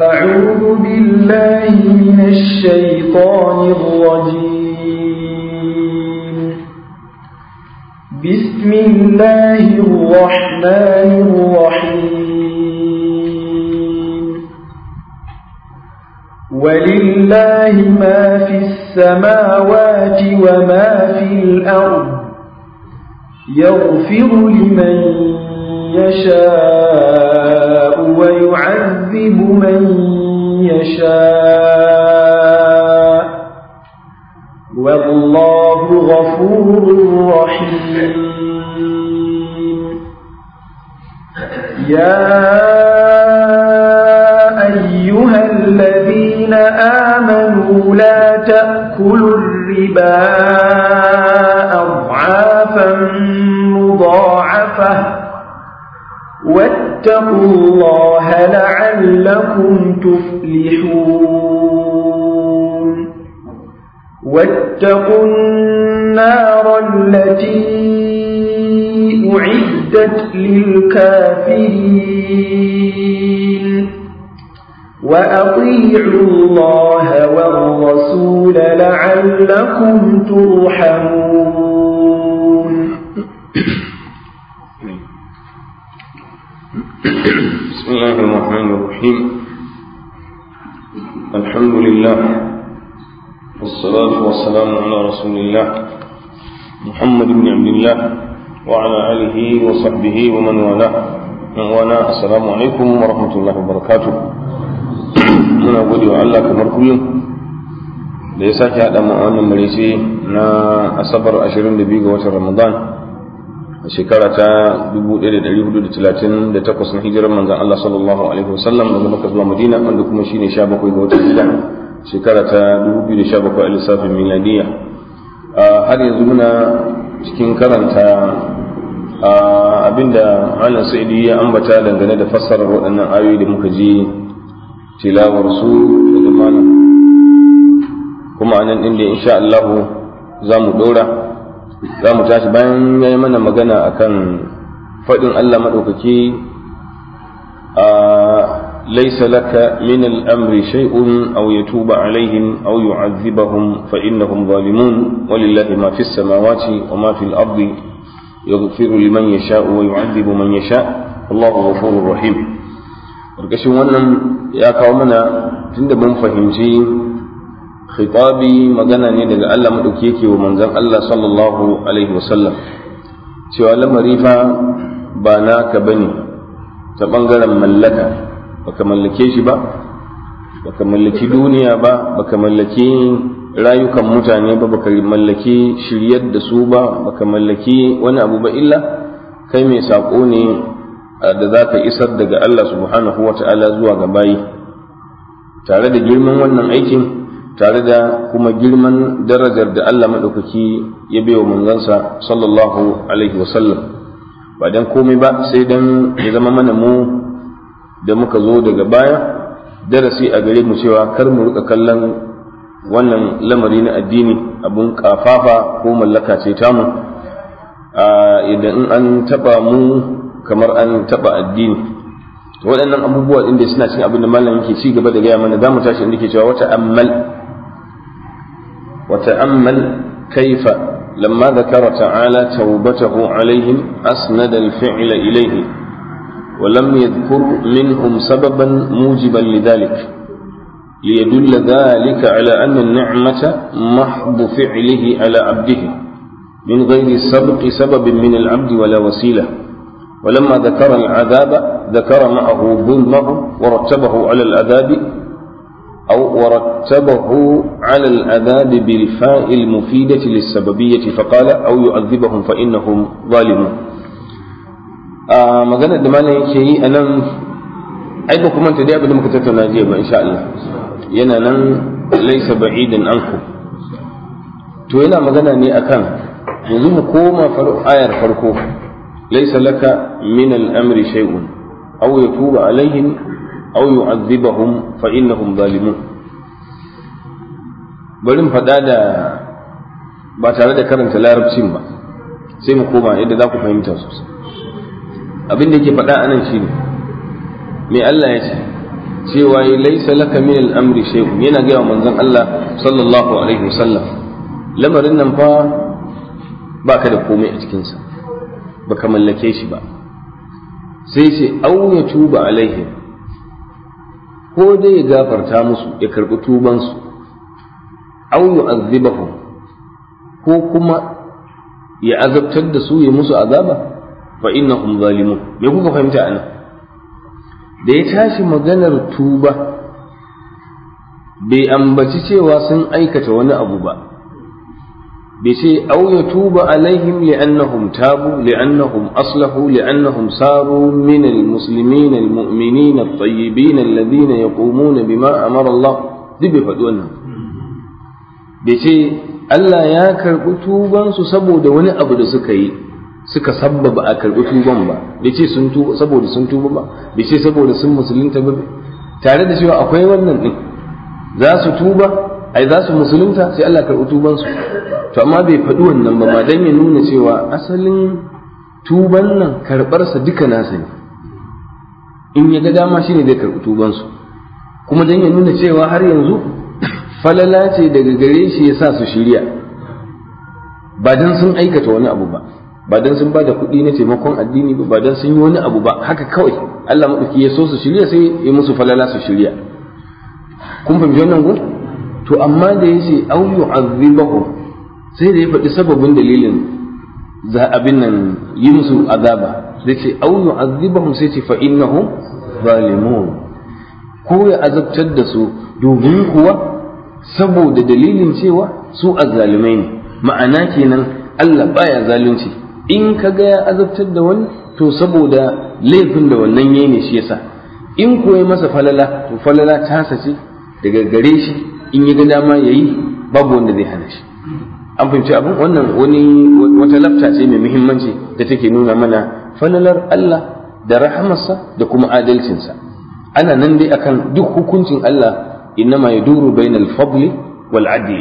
أعوذ بالله من الشيطان الرجيم بسم الله الرحمن الرحيم ولله ما في السماوات وما في الأرض يغفر لمن يشاء ويعذب من يشاء والله غفور رحيم يا أيها الذين آمنوا لا تأكلوا الربا أضعافا مضاعفة واتقوا الله لعلكم تفلحون واتقوا النار التي أعدت للكافرين وأطيعوا الله والرسول لعلكم ترحمون بسم الله الرحمن الرحيم الحمد لله والصلاة والسلام على رسول الله محمد بن عبد الله وعلى آله وصحبه ومن والاه وانا السلام عليكم ورحمة الله وبركاته من أبو wa Allah kamar ليس da ya sake haɗa mu a wannan marece na A shekara ta 1438 na hijirar manzan Allah sallallahu alaihi wasallam daga Makka zuwa Madina wanda kuma shine 17 ga watan Hijja shekara ta 2017 a lissafin miladiya har yanzu muna cikin karanta abinda Malam Sa'idi ya ambata dangane da fassarar waɗannan ayoyi da muka ji tilawar su daga malam kuma anan inda insha Allah za mu dora za mu tashi bayan ya yi mana magana akan faɗin Allah maɗaukaki a laisa laka min al'amri shay'un aw yatuba alaihim aw yu'adhibahum fa innahum zalimun walillahi ma fis samawati wa ma fil ardi yaghfiru liman yasha'u wa yu'adhibu man yasha' Allahu ghafurur rahim karkashin wannan ya kawo mana tunda mun fahimci khitabi magana ne daga Allah madauki yake wa manzon Allah sallallahu alaihi wasallam cewa lamari fa ba naka bane ta ɓangaren mallaka baka mallake shi ba baka mallaki duniya ba baka mallaki rayukan mutane ba baka mallaki shiryar da su ba baka mallaki wani abu ba illa kai mai saƙo ne da za ka isar daga Allah subhanahu wa ta'ala zuwa ga bayi tare da girman wannan aikin tare da kuma girman darajar da Allah maɗaukaki ya wa manzansa sallallahu alaihi wasallam ba dan komai ba sai dan ya zama mana mu da muka zo daga baya darasi a gare mu cewa kar mu rika kallon wannan lamari na addini abun kafafa ko mallaka ce mu idan an taba mu kamar an taba addini waɗannan abubuwa ɗin suna cin abin da malam yake ci gaba da gaya mana za mu tashi inda ke cewa wata ammal وتأمل كيف لما ذكر تعالى توبته عليهم أسند الفعل إليه ولم يذكر منهم سببا موجبا لذلك ليدل ذلك على أن النعمة محض فعله على عبده من غير سبق سبب من العبد ولا وسيلة ولما ذكر العذاب ذكر معه ظلمه ورتبه على العذاب أو ورتبه على العذاب بالفاء المفيدة للسببية فقال أو يؤذبهم فإنهم ظالمون آه ما قال الدمان شيء أنا عيبكم أنت دي أبدا إن شاء الله ينا ليس بعيدا عنكم توينا ما قال أني أكان يزم كوما آير فرقوه ليس لك من الأمر شيء أو يتوب عليهم aw yu'adhibahum fa innahum zalimun bari mu faɗa da ba tare da karanta larabcin ba sai mu koma yadda za ku fahimta sosai abin da yake faɗa anan shine me Allah ya ce cewa yi laisa laka min al'amri shay'un yana gaya manzon Allah sallallahu alaihi wasallam lamarin nan fa ba ka da komai a cikinsa ka mallake shi ba sai ce au ya tuba alaihi ko dai ya gafarta musu ya karɓi tubansu au yu'azzibahum ko kuma ya azabtar da su ya musu azaba fa innahum zalimun me kuka fahimta anan da ya tashi maganar tuba bai ambaci cewa sun aikata wani abu ba bai ce au ya tuba alaihim li'annahum tabu li'annahum aslahu li'annahum saru min almuslimin almu'minin at ya komo na bima amara Allah duk bai faɗi wannan bai ce Allah ya karɓi tubansu saboda wani abu da suka yi suka sabbaba a karɓi tuban ba bai ce sun tuba saboda sun tuba ba bai ce saboda sun musulunta ba tare da cewa akwai wannan din za su tuba ai za su musulunta sai Allah karɓi tubansu. su to amma bai faɗi wannan ba ma dan ya nuna cewa asalin tuban nan karɓarsa duka nasa ne in ya ga dama shine zai karɓi tubansu kuma dan ya nuna cewa har yanzu falala ce daga gare shi ya sa su shirya ba dan sun aikata wani abu ba ba dan sun bada kuɗi na taimakon addini ba ba dan sun yi wani abu ba haka kawai Allah maɗauki ya so su shirya sai ya musu falala su shirya kun fahimci wannan gun to amma da ya yace au yu'azzibahu sai da ya faɗi sababin dalilin za abin nan yi musu azaba da ce au yu'azzibahum sai ce fa innahum zalimun ko ya azabtar da su domin kuwa saboda dalilin cewa su azzalumai ne ma'ana kenan Allah baya zalunci in ka ga ya azabtar da wani to saboda laifin da wannan yayi ne shi yasa in ya masa falala to falala ta sace daga gare shi in ya ga dama yayi babu wanda zai hana shi an fahimci abin wannan wani wata lafta ce mai muhimmanci da take nuna mana falalar Allah da rahamarsa da kuma adalcinsa ana nan dai akan duk hukuncin Allah ma yaduru bainal fadli wal adli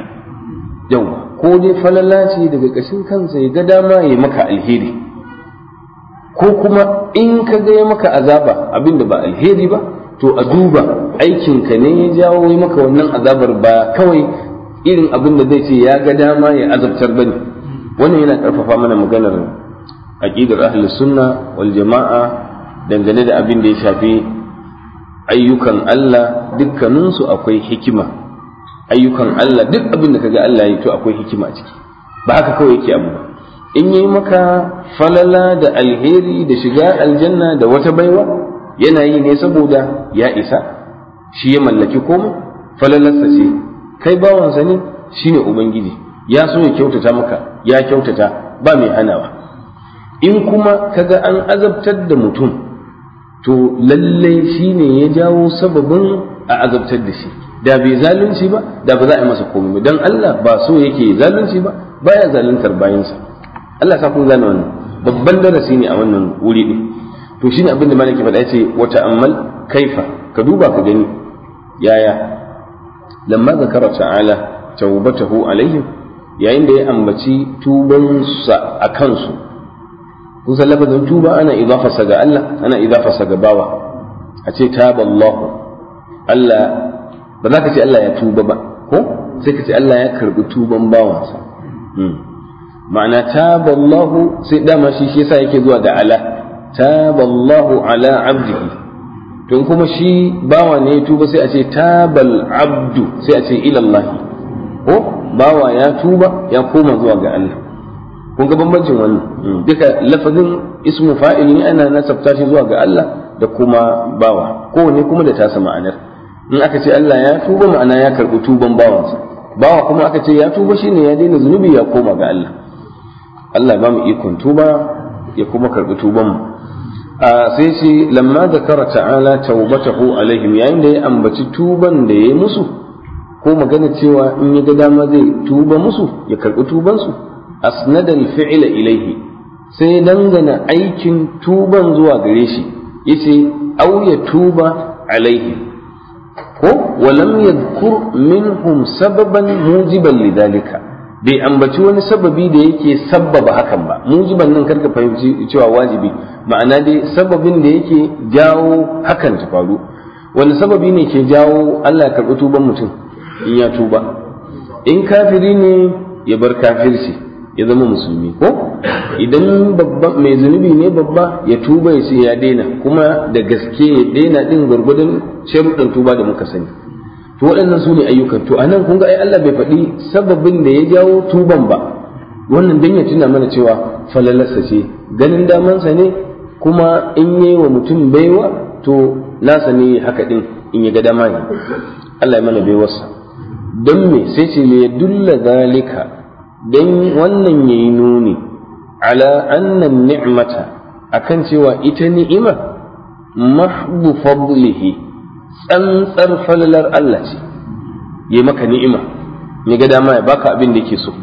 yawa ko dai falala ce daga kashin kansa ya ga dama ya maka alheri ko kuma in ka ga maka azaba abinda ba alheri ba to a duba aikinka ne ya jawo maka wannan azabar ba kawai irin abin da zai ce ya ga dama ya azabtar bane wannan yana karfafa mana maganar aqidar ahlus sunna wal jama'a dangane da abin da ya shafi ayyukan Allah su akwai hikima ayyukan Allah duk abin da kaga Allah yi to akwai hikima a ciki ba haka kawai yake abu ba in yi maka falala da alheri da shiga aljanna da wata baiwa yana yi ne saboda ya isa shi ya mallaki komai falalarsa ce kai bawansa ne shine ubangiji ya so ya kyautata maka ya kyautata ba mai hanawa in kuma kaga an azabtar da mutum to lallai shine ya jawo sababin a azabtar da shi da bai zalunci ba da ba za a yi masa komai ba dan Allah ba so yake zalunci ba baya zaluntar bayansa Allah sa kun gane wannan babban darasi ne a wannan wuri din to shine abin da ke faɗa ce wata ammal kaifa ka duba ka gani yaya lamma zakara ta'ala tawbatahu alaihim yayin da ya ambaci tuban sa a kansu kusan lafazin tuba ana idafasa ga Allah ana idafasa ga bawa a ce taba Allah Allah ba za ka ce Allah ya tuba ba ko sai ka ce Allah ya karbi tuban bawansa hmm. ma'ana taba Allah sai dama shi shi yasa yake zuwa da ala taba Allah ala abdihi don kuma shi bawa ne ya tuba sai a ce tabal abdu sai a ce ilallahi ko bawa ya tuba ya koma zuwa ga Allah kun ga bambancin wannan hmm. duka lafazin ismu fa'il ne ana nasabta shi zuwa ga Allah da kuma bawa ne kuma da tasa ma'anar in aka ce Allah ya tuba ma'ana ya karbi tuban bawansa bawa kuma aka ce ya tuba shine ya daina zunubi ya koma ga Allah Allah ba mu ikon tuba ya kuma karbi tuban mu sai ce lamma da kara ta'ala taubatahu alaihim yayin da ya ambaci tuban da ya yi musu ko magana cewa in ya ga dama zai tuba musu ya karɓi tubansu asnada fi'ila ilaihi sai dangana aikin tuban zuwa gare shi yace au ya tuba alaihi ko walam yadhkur minhum sababan mujiban lidhalika bai ambaci wani sababi da yake sabbaba hakan ba mujiban nan karka fahimci cewa wajibi ma'ana dai sababin da yake jawo hakan ta faru wani sababi ne ke jawo Allah karɓi tuban mutum in ya tuba in kafiri ne ya bar kafirci ya zama musulmi ko idan babba mai zunubi ne babba ya tuba ya ce ya daina kuma da gaske ya daina din gwargwadon sharuɗin tuba da muka sani to waɗannan su ne ayyukan to anan kun ga ai Allah bai faɗi sababin da ya jawo tuban ba wannan dan ya tuna mana cewa falalarsa ce ganin damansa ne kuma in yi wa mutum baiwa to nasa ne haka din in ya ga dama ne Allah ya mana baiwarsa don me sai ce ya dulla zalika dan wannan yayi nuni ala annan ni'mata akan cewa ita ni'ima mahdu fadlihi tsantsar falalar Allah ce ya maka ni'ima ya ga dama ya baka abin da yake so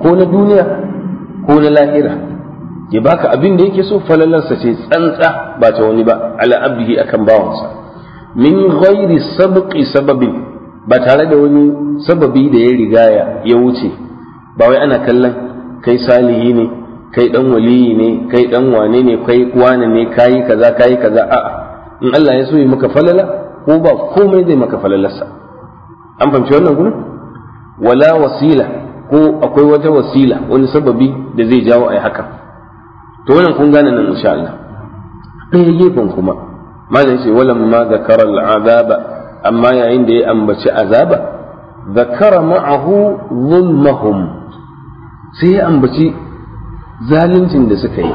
ko na duniya ko na lahira ya baka abin da yake so falalarsa ce tsantsa ba ta wani ba ala abdihi akan bawansa min ghairi sabqi sababin ba tare da wani sababi da ya rigaya ya wuce ba wai ana kallon kai salihi ne kai dan waliyi ne kai dan wane ne kai wane ne kayi kaza kayi kaza a'a in Allah ya so yi maka falala ko ba komai zai maka falalarsa an fahimci wannan gurin wala wasila ko akwai wata wasila wani sababi da zai jawo ai haka to wannan kun gane nan insha Allah ɗaya gefen kuma malam ce walam ma zakara al'azaba amma yayin da ya ambaci azaba zakara ma'ahu zulmahum sai ya ambaci zaluncin da suka yi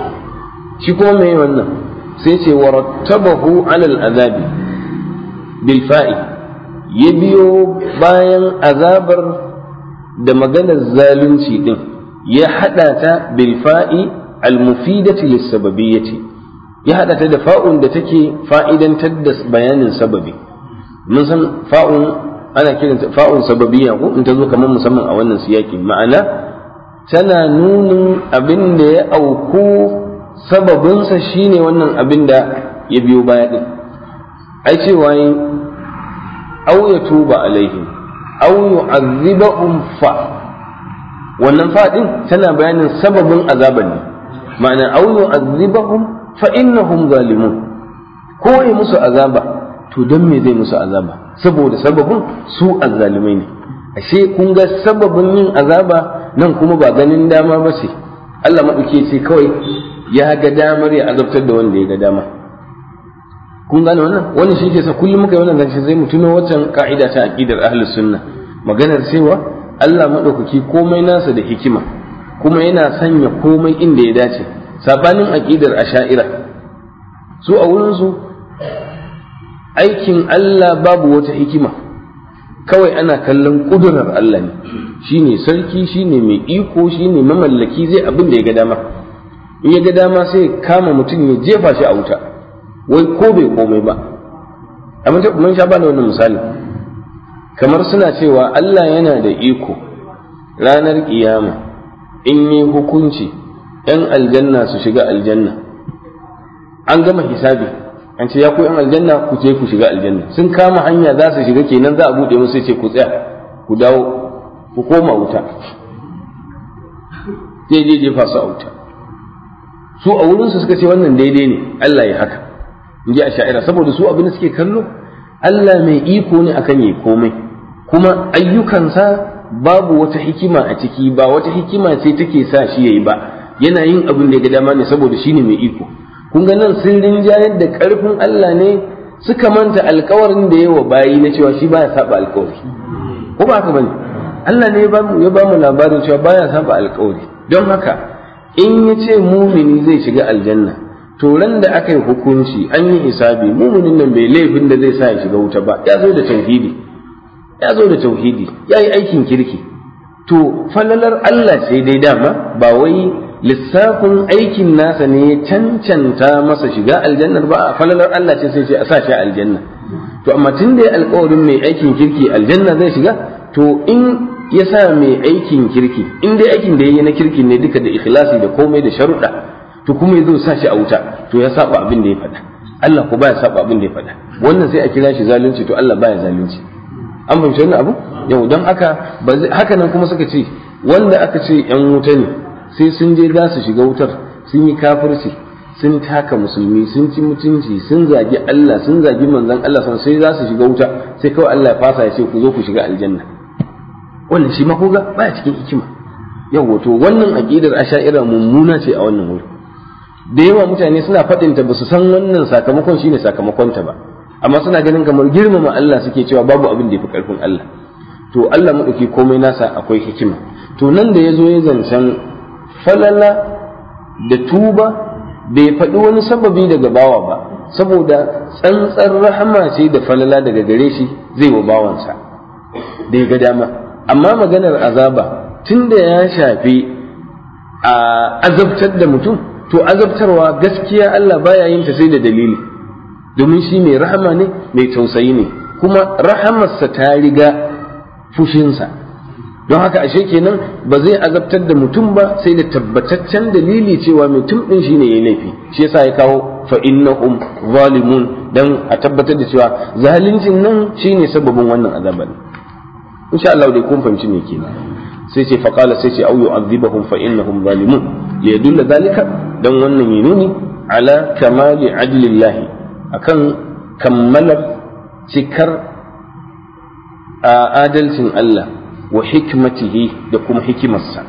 shi kuma mai wannan sai ce warattabahu alal azabi bilfa'i ya biyo bayan azabar da maganar zalunci din ya haɗa ta bilfa'i fa'i al-mufidati ya haɗa ta da fa'un da take fa'idantar da bayanin sababi mun san fa'un ana kiranta fa'un sababiyya ko in ta zo kamar musamman a wannan siyaki ma'ana tana nunin abin da ya auku sababinsa shine wannan abin da ya biyo baya ɗin. ai cewa yi au ya tuba alaihi au yu'azzibahum fa wannan faɗin tana bayanin sababin azaban ne ma'ana au yu'azzibahum fa innahum zalimun ko ya musu azaba to don me zai musu azaba saboda sababin su azzalimai ne ashe kun ga sababin yin azaba nan kuma ba ganin dama ba ce Allah maɗauke ce kawai ya ga damar ya azabtar da wanda ya ga dama kun gane wannan wani shi ke sa kullum muka yi wannan zance zai mu tuno waccan ka'ida ta aqidar ahlus sunna maganar cewa Allah madaukaki komai nasa da hikima kuma yana sanya komai inda ya dace sabanin aqidar asha'ira su a wurin su aikin Allah babu wata hikima kawai ana kallon kudurar Allah ne shine sarki shine mai iko shine mamallaki zai abin da ya ga dama in ya ga dama sai kama mutum ya jefa shi a wuta wai ko bai komai ba amma mun sha bani wani misali kamar suna cewa Allah yana da iko ranar kiyama in yi hukunci ‘yan aljanna su shiga aljanna an gama hisabi an ce ya ku ‘yan aljanna ku je ku shiga aljanna sun kama hanya za su shiga kenan za a buɗe musu ce ku tsaya ku dawo ku koma wuta je je jefa su a wuta su a wurinsu suka ce wannan daidai ne Allah ya haka in ji a sha'ira saboda su abin da suke kallo Allah mai iko ne akan yi komai kuma ayyukansa babu wata hikima a ciki ba wata hikima ce take sa shi yayi ba yana yin abin da ya ga dama ne saboda shi ne mai iko kun ga nan sun rinja yadda ƙarfin Allah ne suka manta alkawarin da yawa bayi na cewa shi baya saba alkawari ko ba haka bane Allah ne ya ba mu labarin cewa baya saba alkawari don haka in ya ce mumini zai shiga aljanna ran da aka hukunci an yi hisabi muminin nan bai laifin da zai sa ya shiga wuta ba ya zo da tauhidi ya zo da tauhidi ya yi aikin kirki to falalar Allah sai dai dama ba wai lissafin aikin nasa ne cancanta masa shiga aljannar ba falalar Allah ce sai ce a sa shi aljanna to amma tun da alƙawarin mai aikin kirki aljanna zai shiga to in ya sa mai aikin kirki in dai aikin da ya yi na kirki ne duka da ikhlasi da komai da sharuɗa to kuma ya zo sa shi a wuta to ya saba abin da ya faɗa Allah ko baya saba abin da ya faɗa wannan sai a kira shi zalunci to Allah baya zalunci an fahimci wannan abu yau don haka haka nan kuma suka ce wanda aka ce yan wuta ne sai sun je za su shiga wutar sun yi kafirci sun taka musulmi sun ci mutunci sun zagi Allah sun zagi manzon Allah sai za su shiga wuta sai kawai Allah ya fasa ya ce ku zo ku shiga aljanna wannan shi ma koga baya cikin hikima yau wato wannan aqidar asha'ira mummuna ce a wannan wurin da yawa mutane suna faɗinta ba su san wannan sakamakon shine sakamakonta ba amma suna ganin kamar girmama Allah suke cewa babu abin da ya fi ƙarfin Allah to Allah maɗauki komai nasa akwai hikima to nan da ya zo ya zancen falala da tuba bai faɗi wani sababi daga bawa ba saboda tsantsar rahama ce da falala daga gare shi zai wa bawansa da ya ga dama amma maganar azaba tunda ya shafi a azabtar da mutum to azabtarwa gaskiya Allah baya yin ta sai da dalili domin shi mai rahama ne mai tausayi ne kuma rahamarsa ta riga fushinsa don haka ashe kenan ba zai azabtar da mutum ba sai da tabbataccen dalili cewa mutum din shi ya yayi laifi shi yasa ya kawo fa innahum zalimun dan a tabbatar da cewa zaluncin nan shine sababin wannan azaban insha Allah dai kun fahimci me kenan sai ce faqala sai ce au yu'adhibuhum fa innahum zalimun ya dulla zalika dan wannan yinini, ala kamali adlillahi akan kammalar cikar a adalcin Allah wa hikmatihi da kuma hikimarsa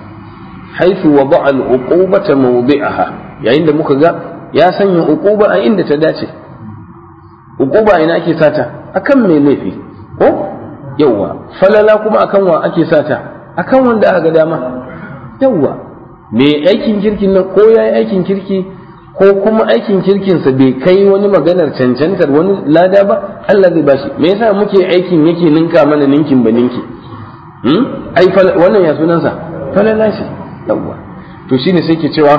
haifu wa ba'a al'uqubata mawdi'aha yayin da muka ga ya sanya uquba a inda ta dace uquba ina ake sata akan me laifi ko yawa falala kuma akan wa ake sata akan wanda aka ga dama yawa Me aikin kirkin nan ko ya yi aikin kirki ko kuma aikin kirkinsa bai kai wani maganar cancantar wani lada ba Allah zai bashi me yasa muke aikin yake ninka mana ninkin ba ninki hmm? ai wannan ya sunansa falala shi yawwa to shine sai ke cewa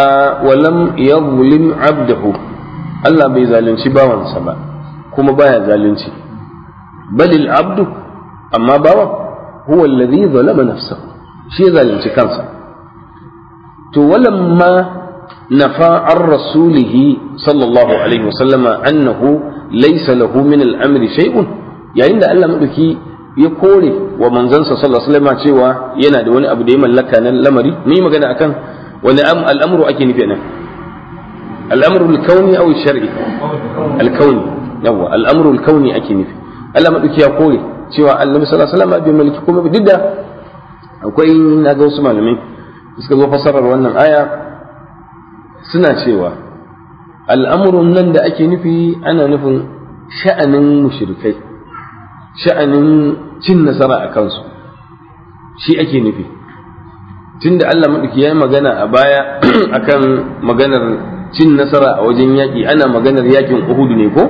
a walam yadhlim Abduhu." Allah bai zalunci bawansa ba kuma baya zalunci balil abdu amma bawan huwa alladhi zalama nafsahu shi zalunci kansa to walamma نفى عن رسوله صلى الله عليه وسلم أنه ليس له من الأمر شيء يعني ده الله مدكي يقول ومن زنس صلى الله عليه وسلم cewa yana da wani abu da ya mallaka nan lamari Mun yi magana akan wani al'amru ake nufi nan al'amru al-kauni aw al-shar'i al-kauni yawa al'amru al-kauni ake nufi Allah madauki ya kore cewa Allah sallallahu alaihi wasallam bai mallaki komai duk da akwai na ga wasu malamai suka zo fasarar wannan aya suna cewa al’amurun nan da ake nufi ana nufin sha'anin mushrikai sha'anin cin nasara a kansu shi ake nufi tunda Allah maɗuki ya yi magana a baya a kan maganar cin nasara a wajen yaƙi ana maganar yaƙin Uhudu ne ko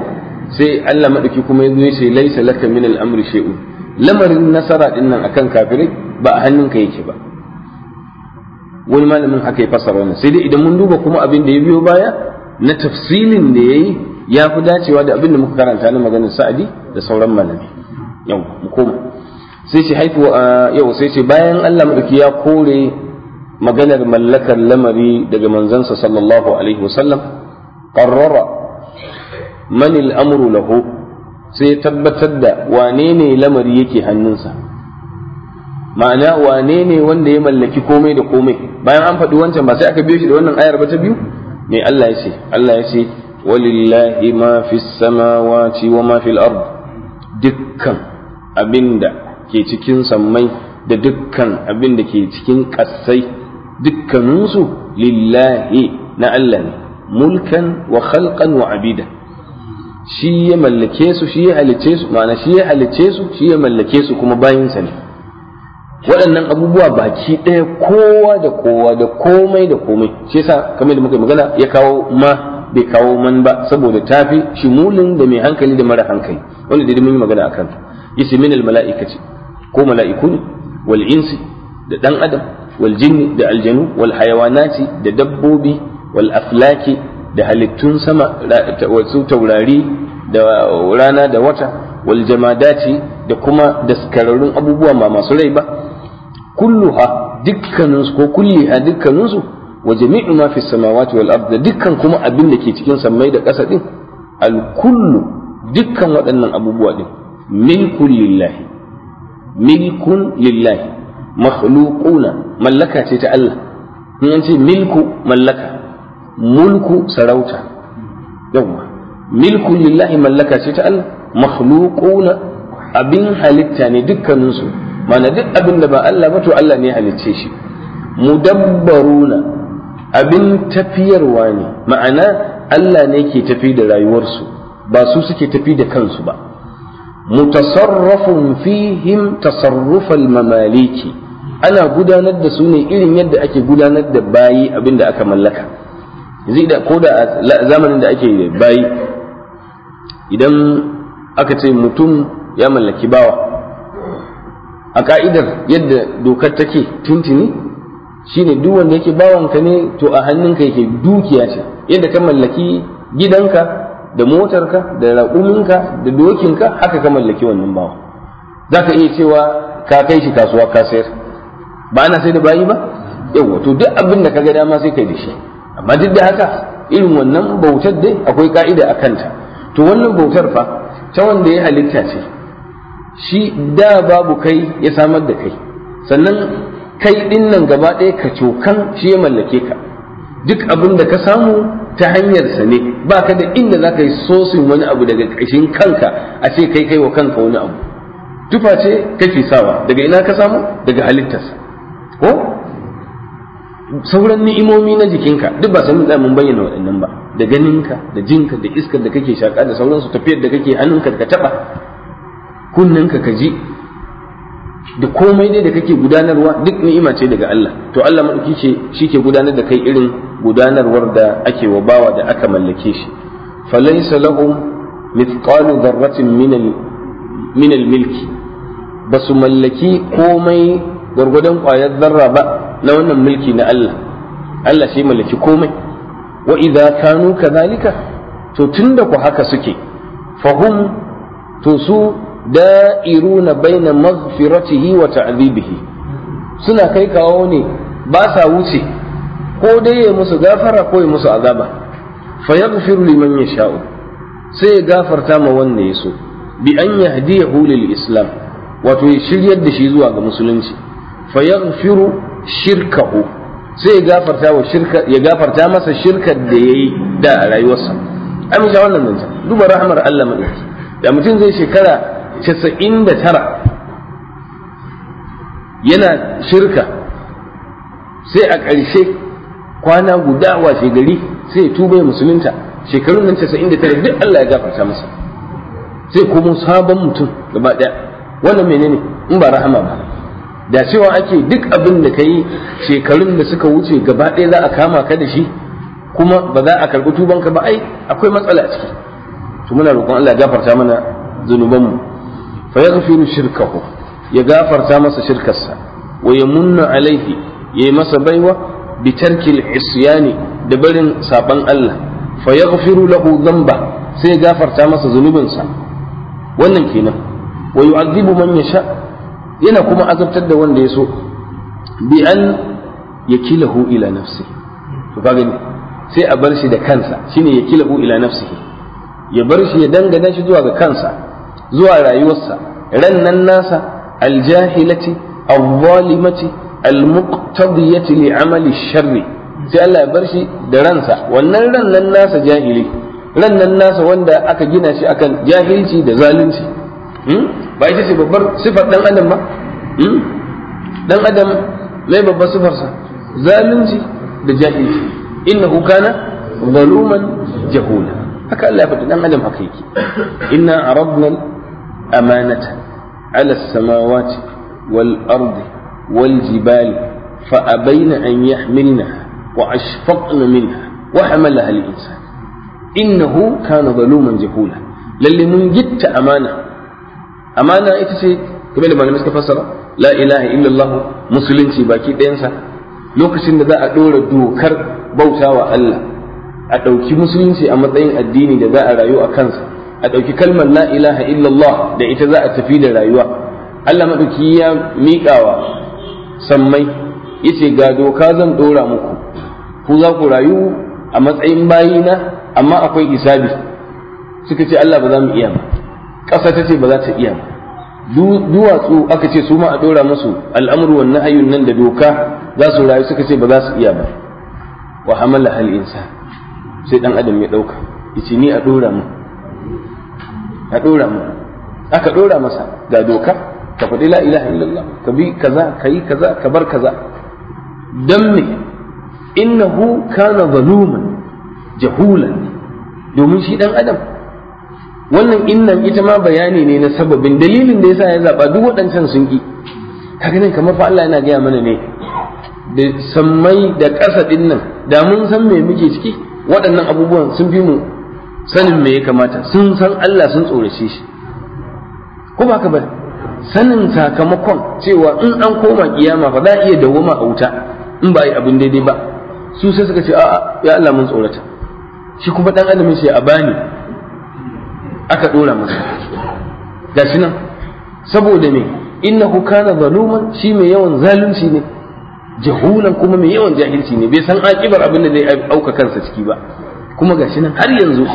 sai Allah maɗuki kuma ya zo sai laisa laka min al’amur shay'un lamarin nasara ɗin nan kan kafirai ba a hannunka yake ba wani malamin haka ya fasara wannan sai dai idan mun duba kuma abin da ya biyo baya na tafsilin da yayi ya fi dacewa da abin da muka karanta na maganar sa'adi da sauran malami yau mu koma sai ce haifu yau sai ce bayan Allah madauki ya kore maganar mallakar lamari daga manzansa sallallahu alaihi wasallam qarrara man al-amru lahu sai tabbatar da wane ne lamari yake hannunsa ma'ana wane ne wanda ya mallaki komai da komai bayan an faɗi wancan ba sai aka biyo shi da wannan ayar ba ta biyu me Allah ya ce Allah ya ce walillahi ma fi samawati wa ma fil ard dukkan abinda ke cikin sammai da dukkan abinda ke cikin kasai dukkaninsu lillahi na Allah ne mulkan wa khalqan wa abida shi ya mallake su shi ya halice su ma'ana shi ya halice su shi ya mallake su kuma bayinsa ne waɗannan abubuwa baki ɗaya kowa da kowa da komai da komai shi yasa kamar da muka magana ya kawo ma bai kawo man ba saboda tafi shimulin da mai hankali da mara hankali wanda da mun yi magana akan yace min al mala'ikati ko mala'iku ne wal insi da dan adam wal jinni da aljanu wal hayawanati da dabbobi wal aflaki da halittun sama wasu taurari da rana da wata wal jamadati da kuma daskararrun abubuwa ma masu rai ba kulluha dukkaninsu ko kulliha dukkaninsu wa jami'u ma fi samawati wal ard dukkan kuma abin da ke cikin sammai da ƙasa din al kullu dukkan waɗannan abubuwa din milkun lillahi milkun lillahi makhluquna mallaka ce ta Allah in an ce milku mallaka mulku sarauta yawa milkun lillahi mallaka ce ta Allah makhluquna abin halitta ne dukkaninsu mana duk abin da ba Allah ba to Allah ne halicce shi mudabbaruna abin tafiyarwa ne ma'ana Allah ne ke tafi da rayuwarsu ba su suke tafi da kansu ba mutasarrafun fihim tasarrufal mamaliki ana gudanar da su ne irin yadda ake gudanar da bayi abin da aka mallaka zai da ko da zamanin da ake bayi idan aka ce mutum ya mallaki bawa a ka'idar yadda dokar take tuntuni shi ne duk wanda yake bawanka ne to a hannunka yake dukiya ce yadda ka mallaki gidanka da motarka da raƙuminka da dokinka haka ka mallaki wannan bawa za ka iya cewa ka kai shi kasuwa ka sayar ba ana sai da bayi ba yawa to duk abin da ka ga dama sai kai da shi amma duk da haka irin wannan bautar dai akwai ka'ida a kanta to wannan bautar fa ta wanda ya halitta ce shi da babu kai ya samar da kai sannan kai din nan gaba ɗaya ka cokan shi ya mallake ka duk abin da ka samu ta hanyarsa ne ba ka da inda za ka yi sosin wani abu daga ƙashin kanka a ce kai kai wa kanka wani abu tufa ce kake sawa daga ina ka samu daga halittarsa ko sauran ni'imomi na jikinka duk ba sai mun bayyana waɗannan ba da ganinka da jinka da iskar da kake shaƙa, da sauransu tafiyar da kake hannunka ka taɓa? kunninka ka ji da komai dai da kake gudanarwa duk ni'ima ce daga Allah to Allah madauki ce shi ke gudanar da kai irin gudanarwar da ake wa bawa da aka mallake shi falaysa lahum mithqalu dharratin min al-milki basu mallaki komai gwargwadon ƙwayar zarra ba na wannan mulki na Allah Allah shi mallaki komai wa idza kanu kadhalika to tunda ku haka suke fahum to su da'iruna baina maghfiratihi wa ta'dhibihi suna kai kawo ne ba sa wuce ko dai ya musu gafara ko ya musu azaba fa yaghfiru liman yasha'u sai ya gafarta ma wanda ya so bi an yahdiyahu lil islam wato ya shiryar da shi zuwa ga musulunci fa yaghfiru shirkahu sai ya gafarta wa shirka ya gafarta masa shirkar da yayi da a rayuwarsa amince wannan nan duba rahmar Allah mai da mutum zai shekara casa'in da tara yana shirka sai a ƙarshe kwana guda wa gari sai tuba ya musulunta shekarun nan casa'in da tara duk Allah ya gafarta masa sai kuma sabon mutum gaba ɗaya wannan menene in ba rahama ba da cewa ake duk abin da ka yi shekarun da suka wuce gaba ɗaya za a kama ka da shi kuma ba za a karɓi tubanka ba ai akwai matsala a ciki to muna roƙon Allah ya gafarta mana zunubanmu fa yaghfiru shirkahu ya gafarta masa shirkarsa wa yamunna alaihi yayi masa baiwa bi tarkil isyani da barin saban Allah fa yaghfiru lahu dhanba sai ya gafarta masa zunubinsa wannan kenan man yana kuma azabtar da wanda ya so bi an yakilahu ila nafsi to ka gani sai a bar shi da kansa shine yakilahu ila nafsihi ya bar shi ya dangana shi zuwa ga kansa zuwa rayuwarsa ran nan nasa aljahilati al-zalimati al-muqtadiyati li amali sharri sai Allah ya bar shi da ransa wannan ran nan nasa jahili ran nan nasa wanda aka gina shi akan jahilci da zalunci hmm? ba ita ce babbar sifar dan adam ba dan hmm? adam mai babbar sifarsa zalunci da jahilci innahu kana zaluman jahula haka Allah ya faɗi dan adam haka yake inna aradna أمانة على السماوات والأرض والجبال فأبين أن يحملنها وأشفقن منها وحملها الإنسان إنه كان ظلوما جهولا للي من جدت أمانة أمانة إتسي كما لما لم فسر لا إله إلا الله مسلم باكي دينسا lokacin da za a ɗora dokar bautawa Allah a ɗauki musulunci a matsayin addini da za a rayu a kansa a ɗauki kalmar la ilaha illallah da ita za a tafi da rayuwa Allah maɗauki ya miƙawa sammai ce ga doka zan ɗora muku ku za ku rayu a matsayin bayina amma akwai isabi suka ce Allah ba za mu iya ba ƙasa ta ce ba za ta iya ba duwatsu aka ce su ma a ɗora musu al'amuru wannan ayyun nan da doka za su rayu suka ce ba za su iya ba wa hamala hal insa sai ɗan adam ya ɗauka ce ni a ɗora mu a dora mu aka ɗora masa ga doka ka faɗi la ilaha illallah ka bi kaza ka yi kaza ka bar kaza dan me innahu kana zaluman jahulan domin shi dan adam wannan innan ita ma bayani ne na sababin dalilin da yasa ya zaba duk waɗancan sun ki kaga nan kamar fa Allah yana gaya mana ne da sammai da ƙasa ɗinnan nan da mun san me muke ciki waɗannan abubuwan sun fi mu sanin me ya kamata sun san Allah sun tsorace shi ko ba ka bari sanin sakamakon cewa in an koma kiyama fa za a iya dawoma a wuta in ba a yi abin daidai ba su sai suka ce a'a ya Allah mun tsorata shi kuma dan adam shi a bani aka dora masa gashi nan saboda me innahu kana zaluman shi mai yawan zalunci ne jahulan kuma mai yawan jahilci ne bai san akibar abin da zai auka kansa ciki ba kuma gashi nan har yanzu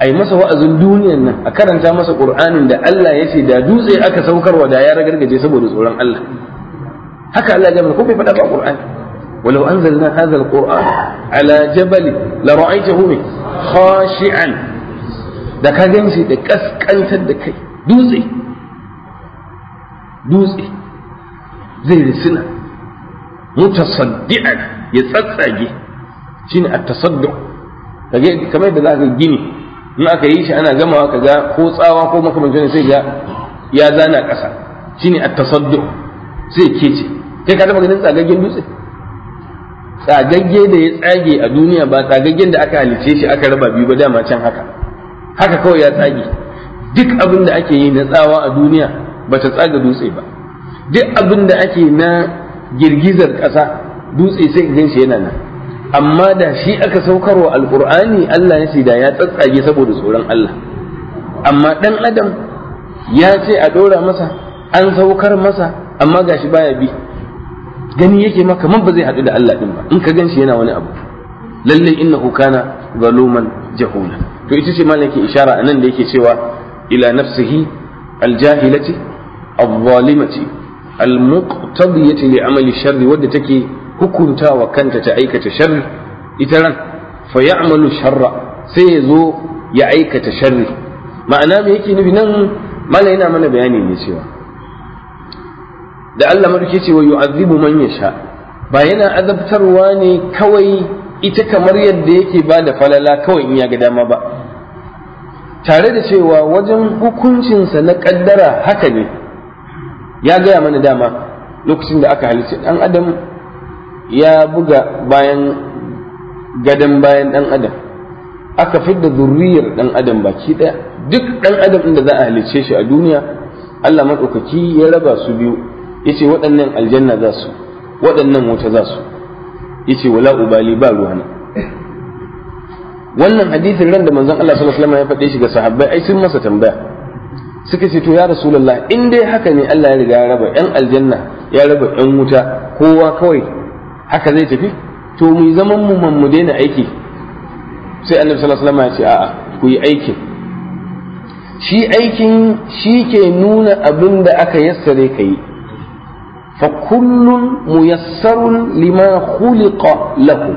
a yi masa wa'azin duniyan nan a karanta masa ƙur'anin da Allah ya ce da dutse aka saukarwa da ya ragargaje saboda tsoron Allah haka Allah ya ko bai faɗa ba qur'ani ولو أنزلنا هذا القرآن على جبل لرأيته خاشعا da ka gan shi da kaskantar da kai dutse dutse zai risina mutasaddi'an ya tsatsage shine at-tasaddu' kamar yadda za ka gini in aka yi shi ana gamawa ka ga ko tsawa ko makamancin sai ga ya zana ƙasa shine a tasaddu sai ke ce, kai ka taba ganin tsagaggen dutse tsagagge da ya tsage a duniya ba tsagaggen da aka halice shi aka raba biyu ba dama can haka haka kawai ya tsage duk abin da ake yi na tsawa a duniya ba ta tsaga dutse ba duk abin da ake na girgizar ƙasa dutse sai gan shi yana nan amma da shi aka saukarwa alkur'ani Allah ya ce ya tsatsage saboda tsoron Allah amma dan adam ya ce a dora masa an saukar masa amma gashi baya bi gani yake maka man ba zai haɗu da Allah din ba in ka ganshi yana wani abu lalle innahu kana zaluman jahula to ita ce malam yake ishara anan da yake cewa ila nafsihi aljahilati الظالمة المقتضية لعمل الشر take hukunta wa kanta ta aikata sharri ita ran fa ya'malu sharra sai ya zo ya aikata sharri ma'ana me yake nufi nan mala yana mana bayani ne cewa da Allah madauke ce wa yu'azzibu man yasha ba yana azabtarwa ne kawai ita kamar yadda yake ba da falala kawai in ya ga dama ba tare da cewa wajen hukuncinsa na kaddara haka ne ya gaya mana dama lokacin da aka halicci dan adam ya buga bayan gadon bayan ɗan adam aka fidda zurriyar ɗan adam baki ɗaya duk ɗan adam inda za a halicce shi a duniya Allah maɗaukaki ya raba su biyu ya ce waɗannan aljanna za su waɗannan wuta za su ya ce wala ubali ba ruwana wannan hadithin ran da manzon Allah sallallahu alaihi wasallam ya faɗe shi ga sahabbai ai sun masa tambaya suka ce to ya rasulullah in dai haka ne Allah ya riga ya raba ƴan aljanna ya raba ƴan wuta kowa kawai haka zai tafi to mu zaman mu mu daina aiki sai annabi sallallahu alaihi wasallam ya ce a'a ku yi aikin shi aikin shi ke nuna abin da aka yassare ka yi fa kullun muyassarun lima khuliqa lahu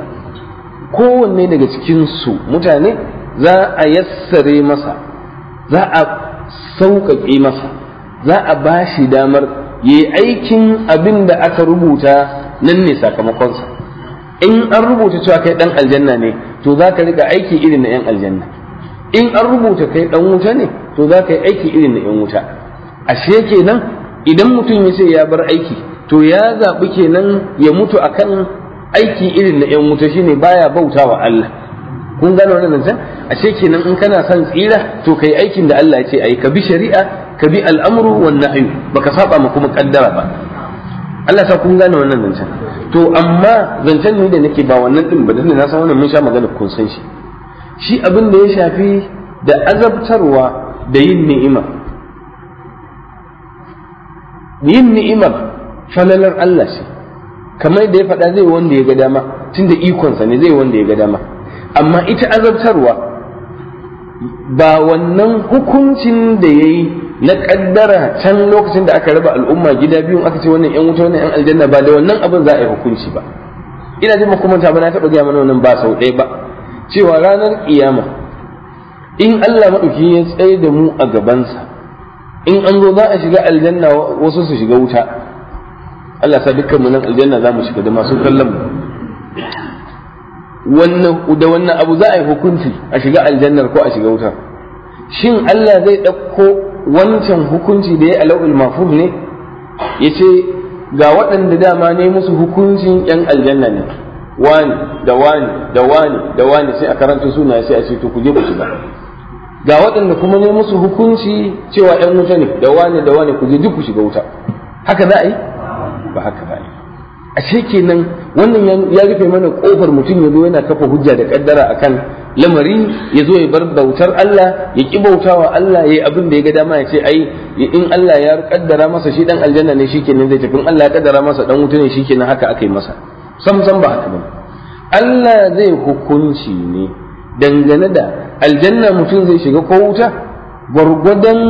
kowanne daga cikin su mutane za a yassare masa za a sauƙaƙe masa za a ba shi damar ya yi aikin abin da aka rubuta nan ne sakamakonsa in an rubuta cewa kai dan aljanna ne to za ka riga aiki irin na yan aljanna in an rubuta kai dan wuta ne to za ka yi aiki irin na yan wuta ashe kenan idan mutum ya ce ya bar aiki to ya zaɓi kenan ya mutu akan aiki irin na yan wuta shine baya bautawa Allah kun gano wannan can ashe kenan in kana son tsira to kai aikin da Allah ya ce ai ka bi shari'a ka bi al'amru wan nahyu baka saba ma kuma kaddara ba Allah sa kun gane wannan zancen to amma zancen ne da nake ba wannan din ba dan na san wannan mun sha magana kun san shi shi abin da ya shafi da azabtarwa da yin ni'ima yin ni'imar falalar Allah shi, kamar da ya faɗa zai wanda ya ga dama tunda ikonsa ne zai wanda ya ga dama amma ita azabtarwa ba wannan hukuncin da ya yi na kaddara can lokacin da aka raba al'umma gida biyun aka ce wannan yan wuta wannan yan aljanna ba da wannan abin za a yi hukunci ba ina jin makomanta ba na taɓa gaya mana wannan ba sau ɗaya ba cewa ranar kiyama in Allah maɗauki ya tsaye da mu a gabansa in an zo za a shiga aljanna wasu su shiga wuta Allah sa dukkan mu nan aljanna za mu shiga da masu kallon mu wannan da wannan abu za a yi hukunci a shiga aljannar ko a shiga wuta shin Allah zai ɗauko wancan hukunci da ya alawul mafhum ne ya ce ga waɗanda dama ne musu hukuncin ‘yan aljanna ne wani da wani da wani da wani sai a karanta suna sai a ce to ku je ku shiga ga waɗanda kuma ne musu hukunci cewa ‘yan wuta ne da wani da wani ku je duk ku shiga wuta haka za a yi ba haka ba a kenan wannan ya rufe mana kofar mutum ya zo yana kafa hujja da kaddara akan Lamari ya zo ya bar bautar Allah ya ki bautawa Allah ya yi abin da ya ga dama ya ce ai in Allah ya kaddara masa shi dan aljanna ne shikenan zai tafi in Allah ya kaddara masa dan wuta ne shikenan haka aka yi masa sam sam ba haka ba. Allah zai hukunci ne dangane da aljanna mutum zai shiga ko wuta gwargwadon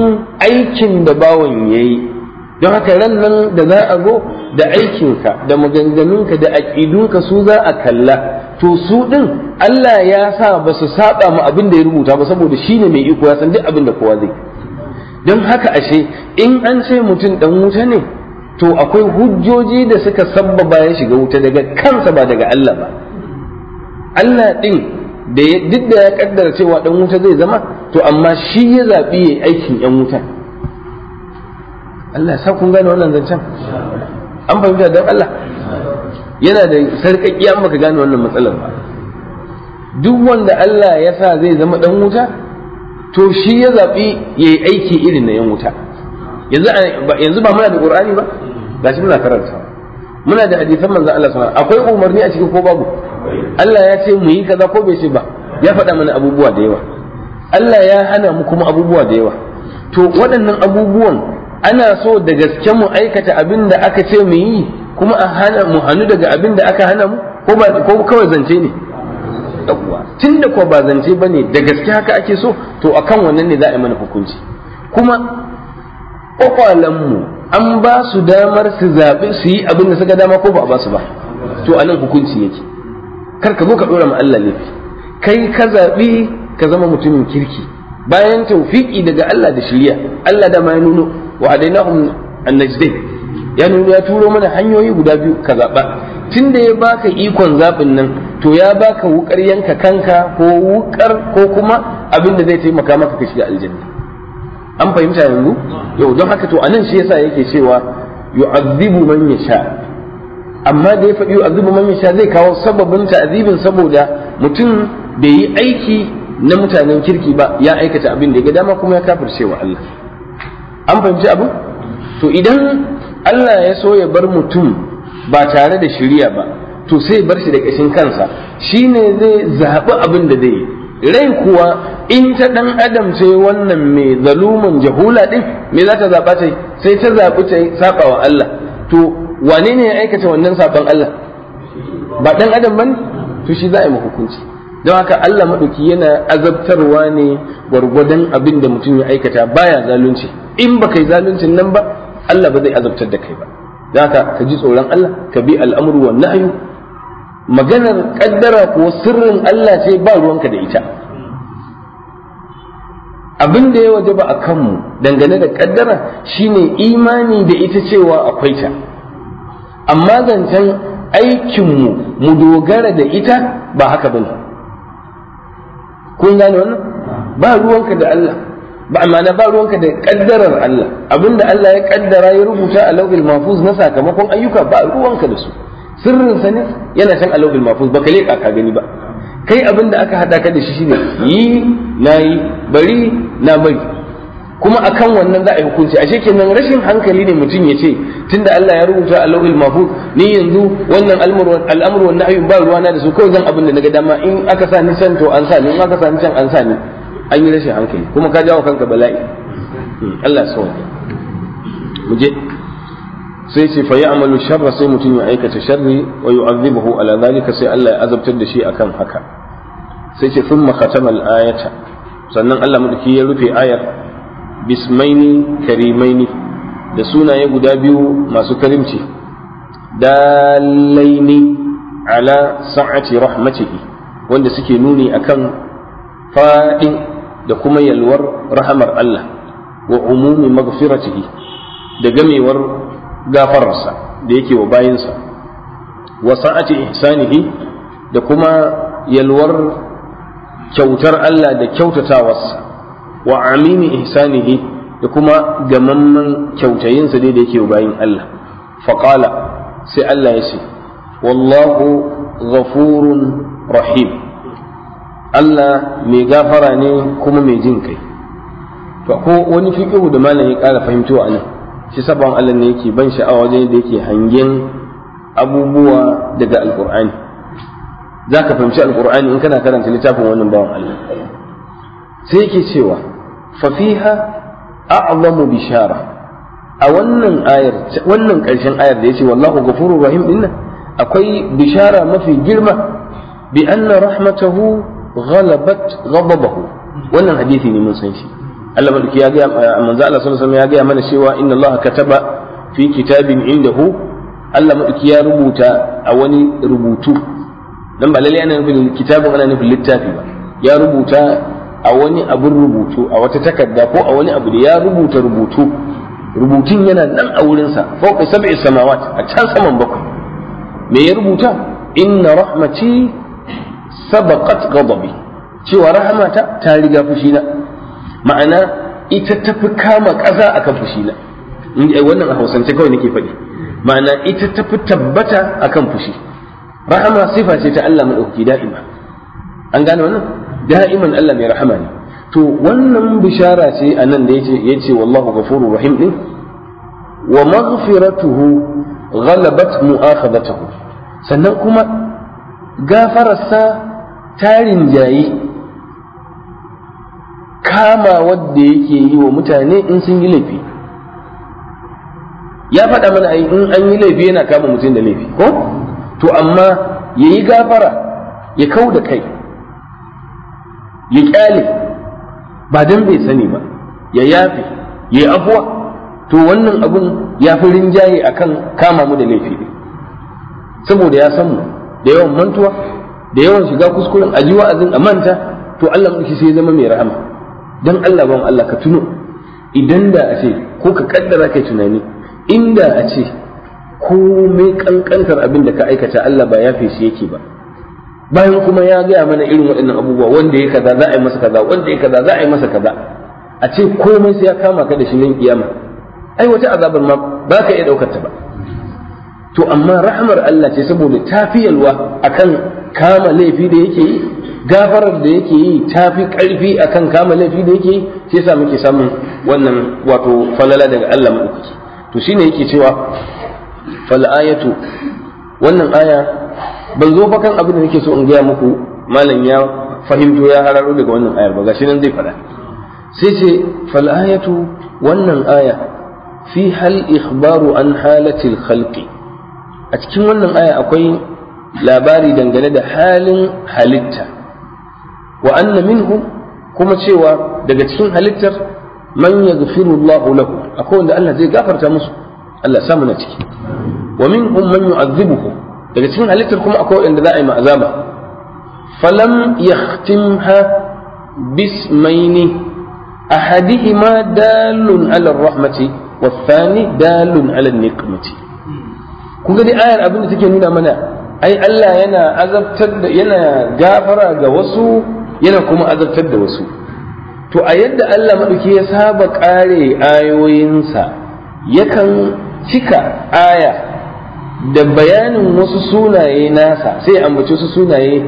aikin da bawan yayi don haka ran nan da za a zo da aikinka da maganganunka da aƙidunka su za a kalla to su ɗin Allah ya sa ba su saba mu abin da ya rubuta ba saboda shi shine mai iko ya san duk abin da kowa zai don haka ashe in an ce mutum ɗan wuta ne to akwai hujjoji da suka sabbaba ya shiga wuta daga kansa ba daga Allah ba Allah ɗin da duk da ya kaddara cewa dan wuta zai zama to amma shi ya zabi yayi aikin yan wuta Allah sa kun gane wannan zancen an fahimta don Allah yana da sarƙaƙiya maka gane wannan matsalar ba duk wanda Allah ya sa zai zama dan wuta to shi ya zaɓi ya yi aiki irin na yan wuta yanzu ba muna da ƙur'ani ba shi muna karanta muna da hadisan manzo Allah sallallahu akwai umarni a cikin ko babu Allah ya ce mu yi kaza ko bai ce ba ya faɗa mana abubuwa da yawa Allah ya hana mu kuma abubuwa da yawa to waɗannan abubuwan ana so da gaske mu aikata abin da aka ce mu yi kuma a hana mu hannu daga abin da aka hana mu ko ba ko kawai zance ne yawwa tunda ko ba zance bane da gaske haka ake so to akan wannan ne za a yi mana hukunci kuma kwakwalan mu an ba su damar su zabi su yi abin da suka dama ko ba a ba su ba to anan hukunci yake kar ka zo ka ɗora ma Allah laifi kai ka zaɓi ka zama mutumin kirki bayan tawfiki daga Allah da shiriya. Allah da ma ya nuno wa adainahum annajdain ya nuna ya turo mana hanyoyi guda biyu ka zaɓa tun da ya baka ikon zaɓin nan to ya baka wukar yanka kanka ko wukar ko kuma abin da zai taimaka maka ka shiga aljanna an fahimta yanzu yau don haka to a nan shi yasa yake cewa yu'azzibu man yasha amma da ya faɗi yu'azzibu man yasha zai kawo sababin ta'azibin saboda mutum bai yi aiki na mutanen kirki ba ya aikata abin da ya ga dama kuma ya kafirce wa Allah an fahimci abu to idan Allah ya so ya bar mutum ba tare da shiriya ba to sai bar shi da kashin kansa shine zai zaɓi abin da zai rai kuwa in ta dan adam ce wannan mai zaluman jahula din, me za ta zaɓa ta sai ta zaɓi ta saɓa wa Allah to wane ne ya aikata wannan saɓan Allah ba dan adam ba to shi za a yi hukunci don haka Allah maɗauki yana azabtarwa ne gwargwadon abin da mutum ya aikata baya zalunci in baka yi zaluncin nan ba Allah ba zai azabtar da kai ba zaka ka ji tsoron Allah ka bi al'amru wan nahyu maganar kaddara ko sirrin Allah ce ba ruwanka da ita abin da ya waje ba a kanmu dangane da kaddara shine imani da ita cewa akwai ta amma zancen aikinmu mu dogara da ita ba haka bane kun gane wannan ba ruwanka da Allah ba amma na ba ruwanka da kaddarar Allah abinda Allah ya kaddara ya rubuta a lauhil mahfuz na sakamakon ayyuka ba ruwanka da su sirrin sa ne yana can a lauhil mahfuz ba kale ka gani ba kai abinda aka hada ka da shi shine yi nayi bari na bari kuma akan wannan za a yi hukunci ashe kenan rashin hankali ne mutum ya ce tunda Allah ya rubuta a lauhil mahfuz ni yanzu wannan al'amuru wannan ayyun ba ruwana da su kawai zan abin da naga dama in aka sa ni can to an sa ni in aka sa ni can an sa ni an yi rashin hankali kuma ka jawo kanka bala'i Allah sa wani mu je sai ce fa ya'malu sharra sai mutum ya aikata sharri wa yu'adhibuhu ala zalika sai Allah ya azabtar da shi akan haka sai ce thumma khatama al-ayata sannan Allah madaki ya rufe ayar bismaini karimaini da sunaye guda biyu masu karimci dalaini ala sa'ati rahmatihi wanda suke nuni akan faɗin da kuma yalwar rahamar Allah wa umumi maghfiratihi da gamewar gafararsa da yake wa bayinsa wa sa'ati ihsanihi da kuma yalwar kyautar Allah da kyautatawarsa wa amimi ihsanihi da kuma gamamman kyautayinsa dai da yake wa bayin Allah faqala sai Allah ya ce wallahu ghafurun rahim Allah mai gafara ne kuma mai jin kai to ko wani fiqhu da malam ya ƙara fahimto a nan shi saban Allah ne yake ban sha'awa wajen da yake hangen abubuwa daga alqur'ani zaka fahimci alqur'ani in kana karanta littafin wannan bawan Allah sai yake cewa fa fiha a'zamu bishara a wannan ayar wannan ƙarshen ayar da yace wallahu ghafurur rahim dinnan akwai bishara mafi girma bi anna rahmatahu ghalabat wannan hadisi ne mun san shi Allah madauki ya ga eh, manzo Allah sallallahu alaihi ya ga mana cewa inna Allah kataba fi kitabin indahu Allah ya rubuta a wani rubutu dan ba lalle ana nufin kitabun ana nufin littafi ba ya rubuta a wani abun rubutu a wata takarda ko a wani abu da ya rubuta rubutu rubutun yana nan a wurinsa fawqa sab'i samawat a can saman bakwai me ya rubuta inna rahmati sabaqat ghadabi cewa rahamata ta riga fushi na. ma'ana ita ta fi kama kaza akan fushi fushina wannan a hausance kawai nake faɗi ma'ana ita ta fi tabbata akan fushi rahama sifa ce ta Allah maɗauki da'ima an gane wannan da'iman Allah mai rahama ne to wannan bishara ce a nan da yace wallahu ghafurur rahim din wa maghfiratuhu ghalabat mu'akhadatuhu sannan kuma gafararsa tarin jayi kama wadda yake yi wa mutane in sun yi laifi ya faɗa mana in an yi laifi yana kama mutum da laifi ko to amma ya yi gafara ya kau da kai ya ƙyale ba don bai sani ba ya yafe ya yi afuwa to wannan abun ya fi rinjaye akan kama mu da laifi saboda ya san mu da yawan mantuwa da yawan shiga kuskuren a ji wa'azin a manta to Allah mulki sai zama mai rahama dan Allah ban Allah ka tuno idan da a ce ko ka kaddara kai tunani inda a ce ko mai kankantar abin da ka aikata Allah ba ya fi shi yake ba bayan kuma ya gaya mana irin waɗannan abubuwa wanda ya kaza za a yi masa kaza wanda ya kaza za a yi masa kaza a ce komai sai ya kama ka da shi nan kiyama ai wata azabar ma ba ka iya ɗaukar ta ba to amma rahmar Allah ce saboda tafiyalwa akan kama laifi da yake yi gafarar da yake yi ta fi ƙarfi akan kama laifi da yake yi sai muke samun wannan wato falala daga Allah maɗaukaki to shine yake cewa fal'ayatu wannan aya ban zo ba kan abin da nake so in gaya muku malam ya fahimto ya hararo daga wannan ayar ba ga shi nan zai faɗa sai ce fal'ayatu wannan aya fi hal ikhbaru an halatil khalqi a cikin wannan aya akwai labari dangane da halin halitta wa anna minhum kuma cewa daga cikin halittar man yaghfiru Allahu lahu akwai wanda Allah zai gafarta musu Allah samu na ciki wa minhum man yu'adhibuhu daga cikin halittar kuma akwai wanda za a yi ma'azaba falam yahtimha bismaini ahadihima dalun ala rahmati والثاني دال على النقمة kun gani ayar abin da take nuna mana ai Allah yana azabtar da yana gafara ga wasu yana kuma azabtar da wasu to a yadda Allah maɗauki ya saba ƙare ayoyinsa yakan cika aya da bayanin wasu sunaye nasa sai ambaci wasu sunaye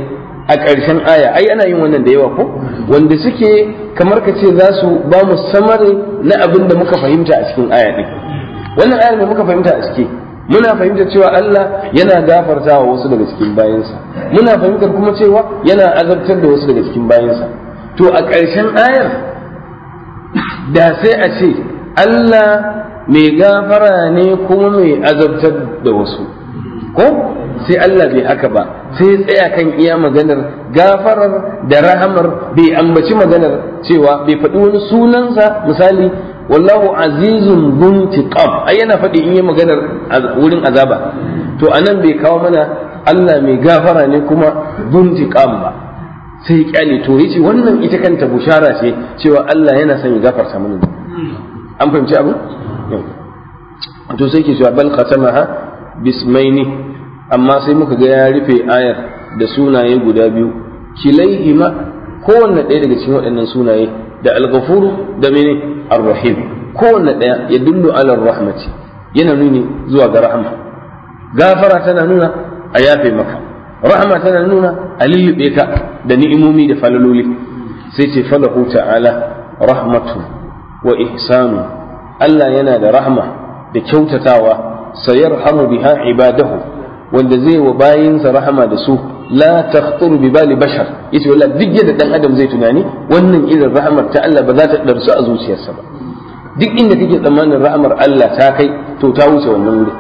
a ƙarshen aya ai ana yin wannan da yawa ko wanda suke kamar ka ce za su ba mu samari na abin da muka fahimta a cikin aya ɗin wannan ayar da muka fahimta a ciki muna fahimtar cewa Allah yana gafarta wa wasu daga cikin bayansa muna fahimtar kuma cewa yana azabtar da wasu daga cikin bayansa to a ƙarshen ayar da sai a ce Allah mai gafara ne kuma mai azabtar da wasu ko sai Allah bai haka ba sai tsaya kan iya maganar gafarar da rahamar bai ambaci maganar cewa bai faɗi wani sunansa misali wallahu azizun buntiqam ai yana faɗi in yi maganar wurin azaba to anan bai kawo mana Allah mai gafara ne kuma buntiqam ba sai kyale to yace wannan ita kanta bushara ce cewa Allah yana son ya gafarta mana an fahimci abu to sai ke cewa bal bismaini amma sai muka ga ya rufe ayar da sunaye guda biyu kilaihima kowanne ɗaya daga cikin waɗannan sunaye da al da mene ar kowanne daya ya dullu ala rahmati yana nuni zuwa ga rahama gafara tana nuna a yafe maka rahma tana nuna aliyu ka da ni'imomi da falaloli sai ce falahu ta'ala rahmatu wa ihsanu Allah yana da rahma da kyautatawa sayarhamu biha ibadahu wanda zai wa bayinsa rahama da su la takhtaru bi bali bashar yace wallahi duk yadda dan adam zai tunani wannan irin rahamar ta Allah ba za ta darsu a zuciyarsa ba duk inda kake tsammanin rahamar Allah ta kai to ta wuce wannan wuri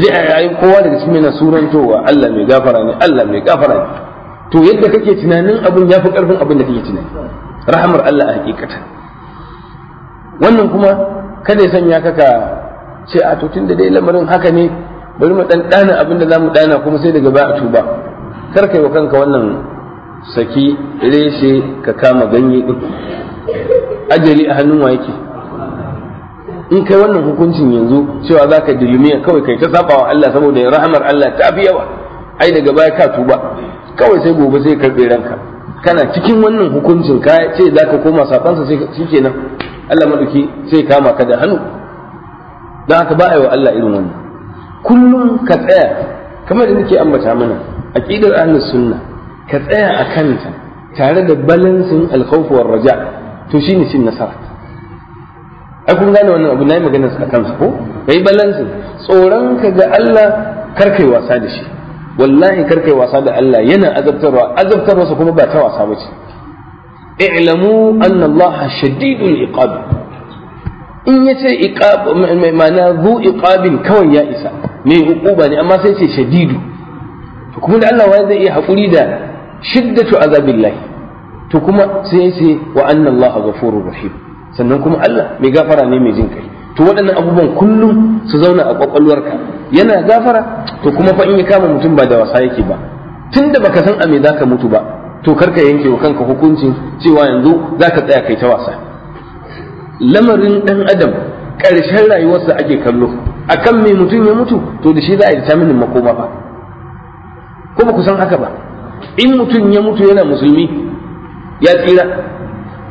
yanzu ai kowa daga cikin yana surantowa Allah mai gafara ne Allah mai gafara ne to yadda kake tunanin abun yafi karfin abin da kake tunani rahamar Allah a hakikata wannan kuma kada ya sanya ka ce a to tunda dai lamarin haka ne bari mu dan dana abin da zamu dana kuma sai daga ba a tuba kar yi wa kanka wannan saki reshe ka kama ganye din ajali a hannun wa yake in kai wannan hukuncin yanzu cewa za ka dilmiya kawai kai ta saba wa Allah saboda rahamar Allah ta fi yawa ai daga baya ka tuba kawai sai gobe sai karɓe ranka kana cikin wannan hukuncin ka ce za ka koma safansa sai nan? Allah maduki sai kama ka da hannu don haka ba a yi wa Allah irin wannan kullum ka tsaya kamar da nake ambata mana aƙidar ahlus sunna ka tsaya a kanta tare da balansin alkhawf war raja to ne cin nasara ai kun gane wannan abu nayi magana a kansa ko kai balansin tsoron ka ga Allah kar kai wasa da shi wallahi kar kai wasa da Allah yana azabtarwa azabtarwa kuma ba ta wasa bace i'lamu anna Allah shadidul iqab in yace iqab ma'ana zu iqabin kawai ya isa ne hukuma ne amma sai ce shadidu to kuma da Allah wai zai iya haƙuri da shiddatu azabillahi to kuma sai ya ce wa anna Allah ghafurur rahim sannan kuma Allah mai gafara ne mai jin kai to waɗannan abubuwan kullum su zauna a ƙwaƙwalwarka yana gafara to kuma fa in ya kama mutum ba da wasa yake ba tunda baka san a me zaka mutu ba to karka yanke wa kanka hukuncin cewa yanzu za ka tsaya kai ta wasa lamarin ɗan adam ƙarshen rayuwarsa ake kallo akan me mutum ya mutu to da shi za a yi determinin makoma ba Ko ba ku san haka ba in mutum ya mutu yana musulmi ya tsira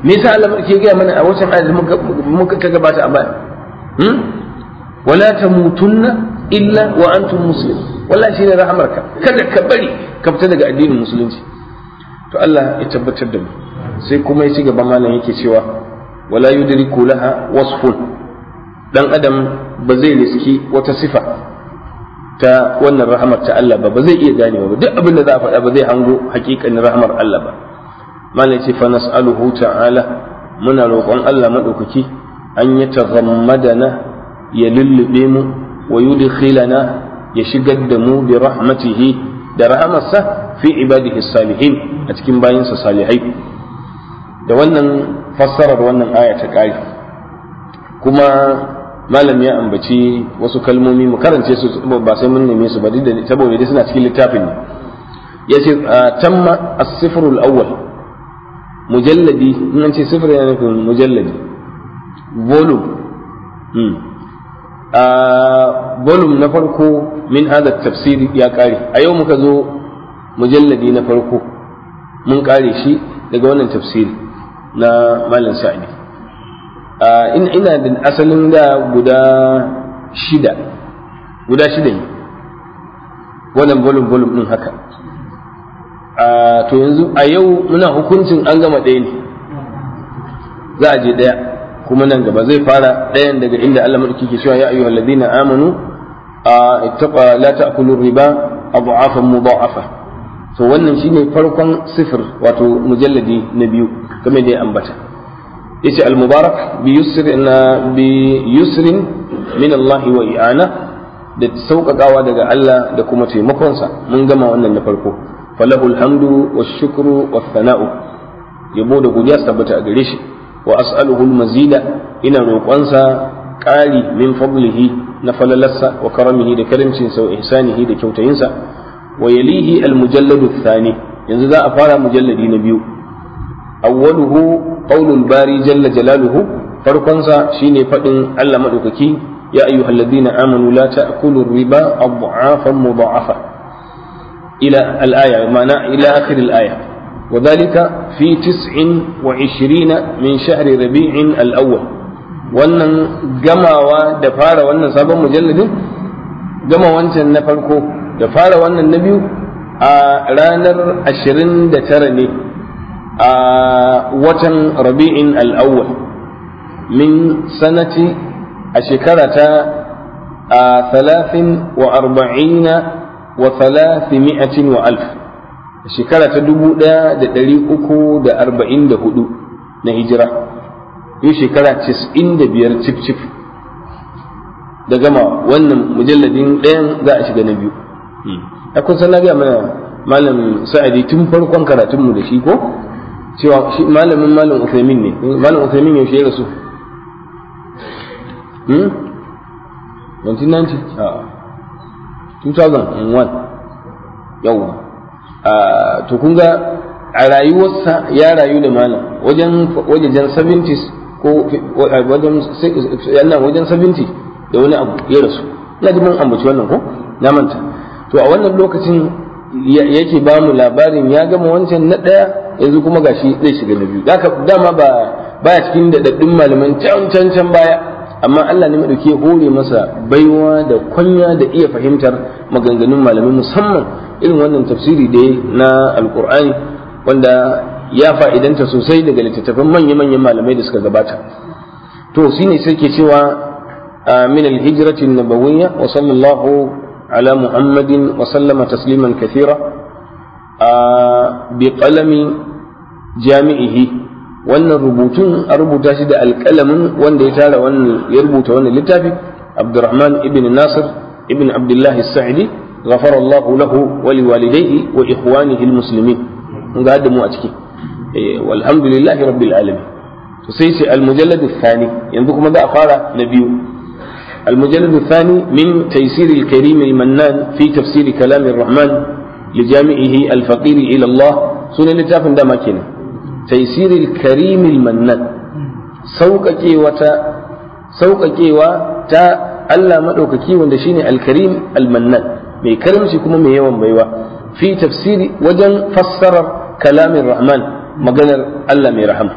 me yasa Allah ke gaya mana a wancan ayat muka ka gabata a baya hmm wala tamutunna illa wa antum muslim wallahi shine ka, kada ka bari ka fita daga addinin musulunci to Allah ya tabbatar da mu sai kuma ya ci gaba malam yake cewa wala yudriku laha wasfun dan adam ba zai riski wata sifa ta wannan rahmar ta Allah ba ba zai iya ganewa ba duk abin da za a faɗa ba zai hango hakikanin rahamar Allah ba malai ce fa nas'aluhu ta'ala muna roƙon Allah madaukaki an ya taghammadana ya lullube mu wa yudkhilana ya shigar da mu bi rahmatihi da rahamarsa fi ibadihi salihin a cikin bayinsa salihai da wannan fassarar wannan aya ta kuma malam ya ambaci wasu kalmomi mu karance su ba sai mun neme su ba saboda dai suna cikin littafin ne ya ce tamma as-sifru al-awwal mujalladi mun ce sifir yana nufin mujalladi volume hmm. volume na farko min hada tafsiri ya kare a yau muka zo mujalladi na farko mun kare shi daga wannan tafsiri na malam sa'idi ina da asalin da guda shida guda shida ne wannan volume volume din haka to yanzu a yau muna hukuncin an gama ɗaya ne za a je ɗaya kuma nan gaba zai fara ɗayan daga inda Allah mulki ke cewa ya ayyuhal ladina amanu ittaqa la ta'kulu riba adhafan mudha'afa to wannan shine farkon sifir wato mujalladi na biyu kamar da ya ambata yace al-mubarak bi yusrin bi yusrin min Allah wa i'ana da sauƙaƙawa daga Allah da kuma taimakonsa mun gama wannan na farko falahu alhamdu washukru wathana'u yabo da godiya tabbata a gare shi wa as'aluhu al-mazida ina roƙonsa ƙari min fadlihi na falalarsa wa karamihi da karimcinsa wa ihsanihi da kyautayinsa wa yalihi al thani yanzu za a fara mujalladi na biyu أوله قول الباري جل جلاله فرقنصا شيني فإن ألا مدككي يا أيها الذين آمنوا لا تأكلوا الربا أضعافا مضاعفة إلى الآية معنى إلى آخر الآية وذلك في 29 من شهر ربيع الأول وأن جماوة دفارة وأن سبا مجلد جماوة نفركو دفارة وأن النبي آه رانر عشرين دترني a watan rabi'in al'awwal min sanati a shekara ta a talatin wa arba'ina wa talafimi'atin wa alf a shekara ta dubu ɗaya da ɗari uku da arba'in da hudu na hijira yi shekara cis'in da biyar cif cif da gama wannan mujalladin ɗayan za a shiga na biyu a kun sanar gaya mana malam sa'adi tun farkon karatunmu da shi ko cewa shi malamin malam Uthaymin ne malam Uthaymin yaushe ya rasu hmm 1990 ah 2001 yau, ah, to kun ga a rayuwarsa ya rayu da malam wajen wajen 70s ko wajen wajen 70 da wani abu ya rasu ina ji mun ambaci wannan ko na manta to a wannan lokacin yake ba mu labarin ya gama wancan na ɗaya yanzu kuma gashi zai shiga na biyu dama ba baya cikin daɗaɗɗun malaman can can can baya amma Allah ne madauki ya hore masa baiwa da kwanya da iya fahimtar maganganun malamin musamman irin wannan tafsiri da na alkur'ani wanda ya fa'idanta sosai daga littattafan manya-manyan malamai da suka gabata to shine sai ke cewa من الهجرة النبوية وصلى الله على محمد وسلم تسليما كثيرا bi qalami jami'ihi wannan rubutun a rubuta shi da alƙalamin wanda ya tara wannan ya rubuta wannan littafi Abdurrahman ibin Nasir ibn Abdullah Sa'idi ghafara Allah lahu wa liwalidayhi wa ikhwanihi almuslimin ga mu a ciki eh, walhamdulillah rabbil alamin to sai ce almujallad thani yanzu kuma za a fara na biyu المجلد الثاني من تيسير الكريم المنان في تفسير كلام الرحمن li jami'ihi Allah sunan littafin dama kenan taysiril karimil sauƙaƙewa ta Allah madaukaki wanda shine al-karim al-mannan mai karimci kuma mai yawan baiwa fi tafsiri wajen fassarar kalamin rahman maganar Allah mai rahama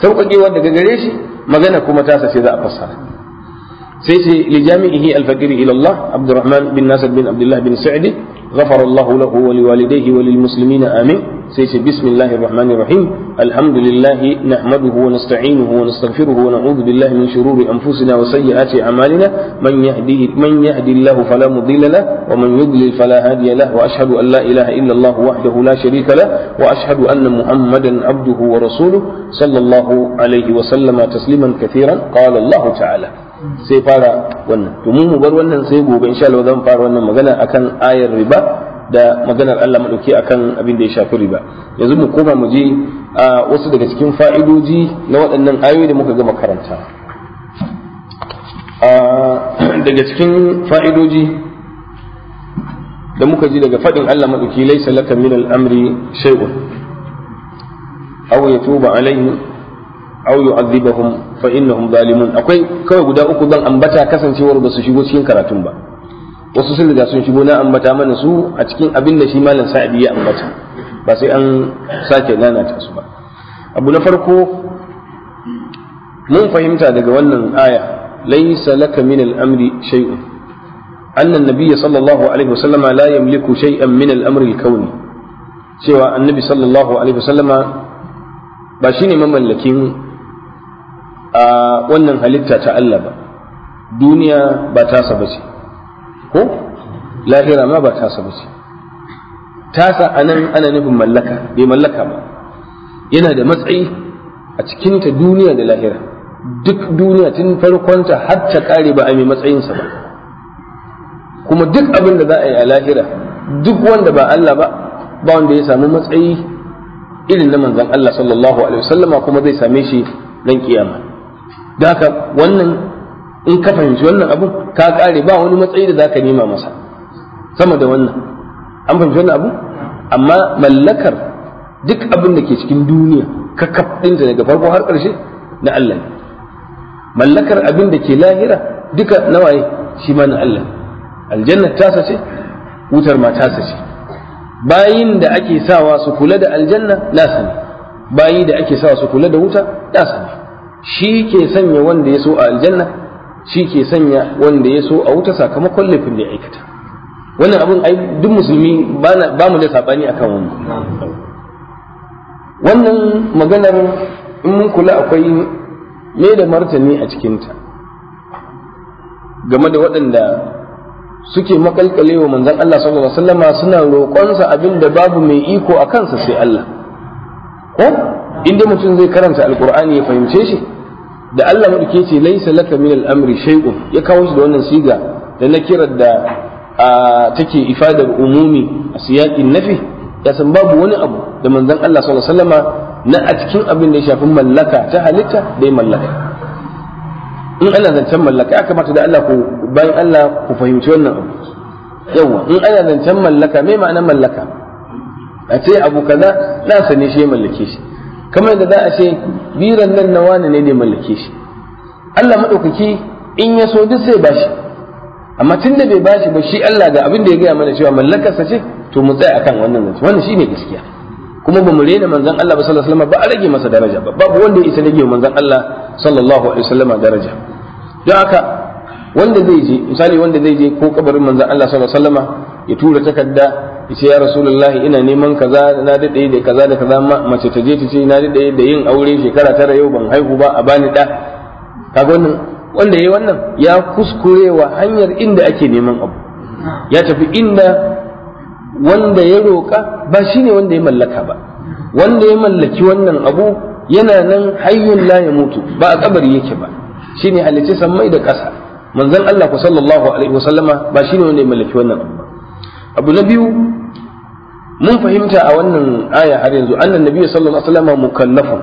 sauƙaƙewa daga gare shi magana kuma ta ce za a fassara sai ce li jami'ihi al-faqir ila Allah bin Nasir bin Abdullah bin Sa'di غفر الله له ولوالديه وللمسلمين آمين سيسي بسم الله الرحمن الرحيم الحمد لله نحمده ونستعينه ونستغفره ونعوذ بالله من شرور أنفسنا وسيئات أعمالنا من يهديه من يهدي الله فلا مضل له ومن يضلل فلا هادي له وأشهد أن لا إله إلا الله وحده لا شريك له وأشهد أن محمدا عبده ورسوله صلى الله عليه وسلم تسليما كثيرا قال الله تعالى sai fara wannan to mu bar wannan sai gobe insha Allah zan fara wannan magana akan ayar riba da maganar Allah madauki akan abin da ya shafi riba yanzu mu koma mu je a wasu daga cikin fa'idoji na waɗannan ayoyi da muka gama karanta daga cikin fa'idoji da muka ji daga faɗin Allah madauki laysa laka min al-amri shay'un aw yatuba alaihim aw yu'adhibahum fa innahum zalimun akwai kawai guda uku zan ambata kasancewar ba su shigo cikin karatun ba wasu sun riga sun shigo na ambata mana su a cikin abin da shi malam sa'adi ya ambata ba sai an sake nanata su ba abu na farko mun fahimta daga wannan aya laysa laka min al-amri shay'un anna an-nabiy sallallahu alaihi wasallama la yamliku shay'an min al-amri al-kawni cewa annabi sallallahu alaihi wasallama ba shine mamallakin a wannan halitta ta Allah ba duniya ba tasa ba ce ko lahira ma ba tasa ba ce tasa anan ana nufin mallaka bai mallaka ba yana da matsayi a cikinta duniya da lahira duk duniya tun farkonta har ta kare ba a mai matsayinsa ba kuma duk abin da za a yi a lahira duk wanda ba Allah ba ba wanda ya samu matsayi irin na manzon Allah sallallahu alaihi wasallama kuma zai same shi ran kiyama da haka wannan in ka fahimci wannan abun ka kare ba wani matsayi da za ka nema masa sama da wannan an fahimci wannan abu amma mallakar duk abin da ke cikin duniya ka kaf ɗinta daga farko har ƙarshe na Allah mallakar abin da ke lahira duka nawaye shi ma na Allah aljanna tasa ce wutar ma tasa ce bayin da ake sawa su kula da aljanna na bayi da ake sawa su kula da wuta na shi ke sanya wanda ya so a aljanna shi ke sanya wanda ya so a wuta sakamakon laifin da ya aikata wannan abin ai duk musulmi ba mu da sabani akan wannan wannan maganar in mun kula akwai me da martani a cikinta game da waɗanda suke makalkalewa manzon Allah sallallahu alaihi wasallama suna roƙonsa abin da babu mai iko a kansa sai Allah ko inda mutum zai karanta alqur'ani ya fahimce shi da Allah madauke ce laisa laka min al-amri shay'un ya kawo shi da wannan siga da na kirar da take ifadar umumi a siyaqin nafi ya san babu wani abu da manzon Allah sallallahu alaihi wasallama na a cikin abin da ya shafi mallaka ta halitta da ya mallaka in ana zancen mallaka ya kamata da Allah ku bayan Allah ku fahimci wannan abu yawa in ana zancen mallaka me ma'anar mallaka a ce abu kaza na sane shi ya mallake shi kamar da za a ce biran nan na wani ne ne mallake shi Allah maɗaukaki in ya so duk sai bashi amma tun da bai bashi ba shi Allah ga abin da ya gaya mana cewa mallakarsa ce to mu tsaya akan wannan zance wannan shine gaskiya kuma ba mu rena manzon Allah ba sallallahu alaihi wasallam ba a rage masa daraja ba babu wanda ya isa rage manzon Allah sallallahu alaihi wasallam daraja don haka wanda zai je misali wanda zai je ko kabarin manzon Allah sallallahu alaihi wasallam ya tura takarda ce ya rasulullahi ina neman kaza na daɗe da kaza da kaza mace ta je ta ce na daɗe da yin aure shekara tara yau ban haihu ba a bani ɗa kaga wannan wanda yayi wannan ya kuskurewa hanyar inda ake neman abu ya tafi inda wanda ya roƙa ba shi ne wanda ya mallaka ba wanda ya mallaki wannan abu yana nan hayyun la ya mutu ba a kabari yake ba shine halicci sammai da ƙasa manzon Allah ku sallallahu alaihi wasallama ba shi ne wanda ya mallaki wannan abu ba abu na biyu mun fahimta a wannan aya har yanzu annan nabi sallallahu alaihi wasallam mukallafun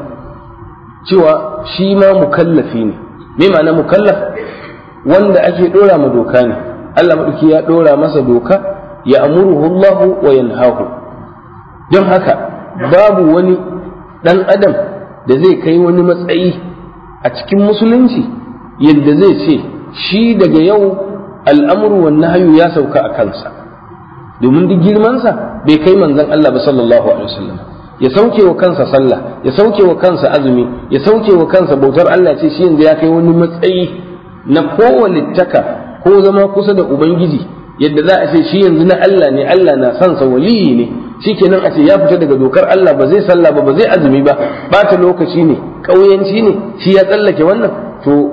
cewa shi ma mukallafi ne me ma'ana mukallaf wanda ake dora ma doka ne Allah madauki ya dora masa doka ya amuruhu Allahu wa yanhahu don haka babu wani dan adam da zai kai wani matsayi a cikin musulunci yadda zai ce shi daga yau al'amuru wannan hayu ya sauka a kansa domin duk girman sa bai kai manzon Allah ba sallallahu alaihi wasallam ya sauke wa kansa sallah ya sauke wa kansa azumi ya sauke wa kansa bautar Allah ce shi yanzu ya kai wani matsayi na kowane taka ko zama kusa da ubangiji yadda za a ce shi yanzu na Allah ne Allah na san sa waliyi ne shikenan a ce ya fita daga dokar Allah ba zai sallah ba ba zai azumi ba bata lokaci ne kauyanci ne shi ya tsallake wannan to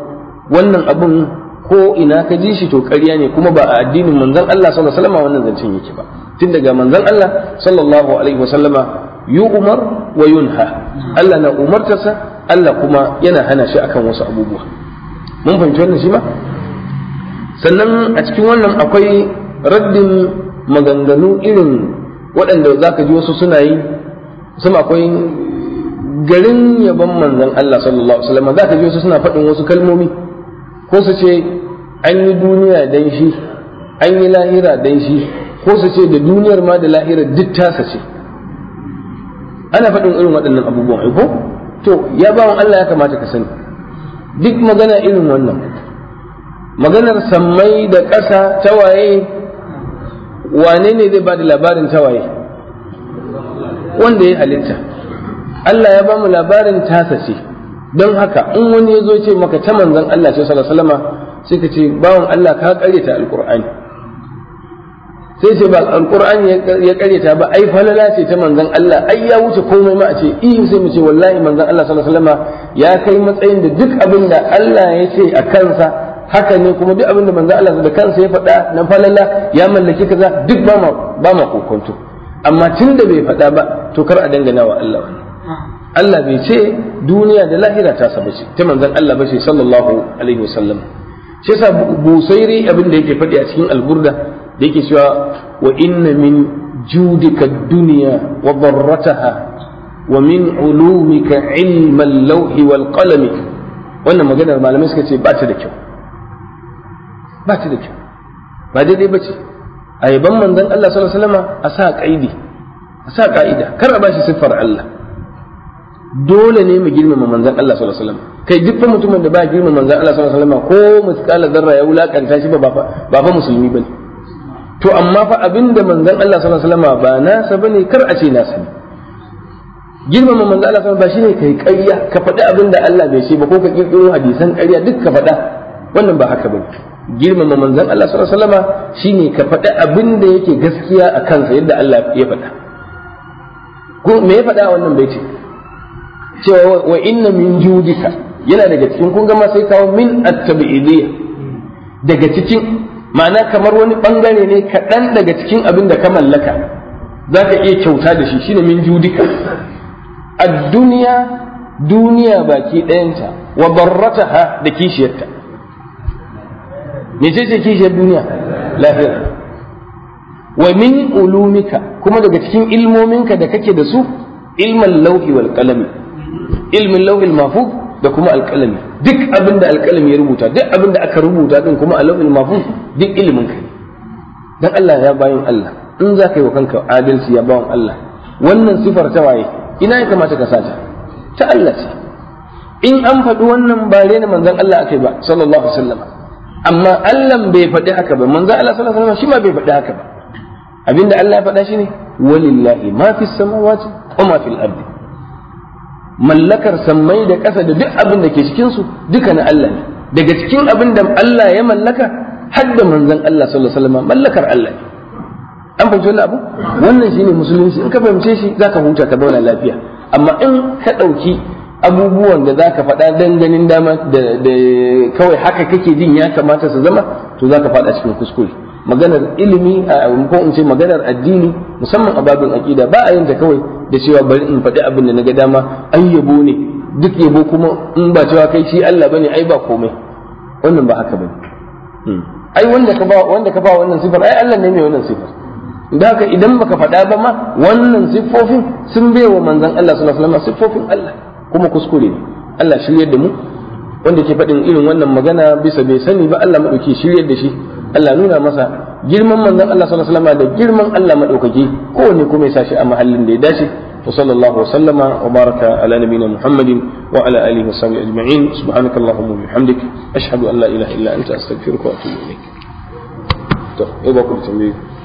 wannan abun ko ina ka ji shi to ƙarya ne kuma ba a addinin manzon Allah sallallahu alaihi wasallam wannan zancen yake ba tun daga manzon Allah sallallahu alaihi wasallama yu'mar wa yunha Allah na umartarsa Allah kuma yana hana shi akan wasu abubuwa mun fahimci wannan shi ma sannan a cikin wannan akwai raddin maganganu irin waɗanda za ka ji wasu suna yi sama akwai garin yabon manzon Allah sallallahu alaihi wasallam za ka ji wasu suna faɗin wasu kalmomi ko su ce an yi duniya dan shi an yi lahira dan shi ko su ce da duniyar ma da lahira duk tasa ce ana faɗin irin waɗannan abubuwan ko to ya bawan Allah ya kamata ka sani duk magana irin wannan maganar sammai da ƙasa tawaye wane ne zai ba da labarin tawaye wanda ya halitta Allah ya ba mu labarin tasa ce don haka in wani ya zo ce maka ta manzan Allah ce sallallahu alaihi wasallam sai ka ce bawan Allah ka karyata alqur'ani sai ce ba alqur'ani ya karyata ba ai falala ce ta manzan Allah ai ya wuce komai ma a ce i sai mu ce wallahi manzan Allah sallallahu alaihi wasallam ya kai matsayin da duk abin da Allah ya ce a kansa haka ne kuma duk abin da manzan Allah da kansa ya faɗa na falala ya mallaki kaza duk ba ma ba ma kokonto amma tunda bai faɗa ba to kar a dangana wa Allah wannan Allah bai ce duniya da lahira ta sa bace ta manzon Allah bace sallallahu alaihi wasallam shi yasa busairi abin da yake faɗi a cikin alburda da yake cewa wa inna min judika duniya dunya wa darrataha wa min ulumika ilma al-lawhi wal qalami wannan maganar malamai suka ce ba ta da kyau ba ta da kyau ba daidai bace a yaban manzon Allah sallallahu alaihi wasallama a sa kaidi a sa ka'ida kar a bashi siffar Allah dole ne mu girmama manzon Allah sallallahu alaihi wasallam kai duk fa mutumin da ba girmama manzon Allah sallallahu alaihi wasallam ko mutqala zarra ya wulakanta shi ba ba ba musulmi bane to amma fa abinda manzon Allah sallallahu alaihi wasallam ba nasa bane kar a ce nasa ne girmama manzon Allah sallallahu alaihi wasallam ba shine kai ƙarya ka faɗi abinda Allah bai ce ba ko ka kirkiro hadisan ƙarya duk ka faɗa wannan ba haka bane girmama manzon Allah sallallahu alaihi wasallam shine ka faɗi abinda yake gaskiya a kansa yadda Allah ya faɗa ko me ya faɗa wannan bai ce cewa wa inna min judika yana daga cikin kun gama sai kawo min at-tabi'idiyya daga cikin ma'ana kamar wani bangare ne kaɗan daga cikin abin da ka mallaka za ka iya kyauta da shi shine min judika a duniya duniya baki ɗayanta wa barrataha da kishiyarta me ce kishiyar duniya lahira wa min ulumika kuma daga cikin ilmominka da kake da su ilman lauhi wal qalami ilmin lauhin mafu da kuma alƙalami duk abin da alƙalami ya rubuta duk abin da aka rubuta din kuma a lauhin mafu duk ilimin kai dan Allah ya bayan Allah in za ka yi wa kanka adalci ya bayan Allah wannan sifar ta waye ina ya kamata ka sata ta Allah ce in an faɗi wannan ba rena manzon Allah akai ba sallallahu alaihi wasallam amma Allah bai faɗi haka ba manzon Allah sallallahu alaihi wasallam shi ma bai faɗi haka ba abinda Allah ya faɗa shi ne walillahi ma fi samawati wa ma fil ardi mallakar sammai da ƙasa da duk abin da ke cikinsu duka na Allah ne daga cikin abin da Allah ya mallaka har da manzon Allah sallallahu alaihi wasallam mallakar Allah ne an fahimci wannan abu wannan shine musulunci in ka fahimce shi zaka huta ka zauna lafiya amma in ka ɗauki abubuwan da zaka faɗa dan ganin dama da kawai haka kake jin ya kamata su zama to zaka faɗa cikin kuskure maganar ilimi ko in ce maganar addini musamman a babin aqida ba a yin ta kawai da cewa bari in faɗi abin da na ga dama an yabo ne duk yabo kuma in ba cewa kai shi Allah bane ai ba komai wannan ba haka bane hmm. ai wanda ka ba wanda ka ba wannan sifar ai Allah ne mai wannan sifar da haka idan baka faɗa ba ma wannan siffofin sun bai wa manzon Allah sallallahu alaihi wasallam siffofin Allah kuma kuskure ne Allah shiryar da mu wanda ke faɗin irin wannan magana bisa bai sani ba Allah madauki shiryar da shi Allah nuna masa girman manzon Allah sallallahu alaihi wasallam da girman Allah madaukaki kowanne kuma ya sashi a mahallin da ya dace wa sallallahu wasallama wa baraka ala nabiyina Muhammadin wa ala alihi wa sahbihi ajma'in subhanakallahumma wa bihamdik ashhadu an la ilaha illa anta astaghfiruka wa atubu ilaik to ai ba ku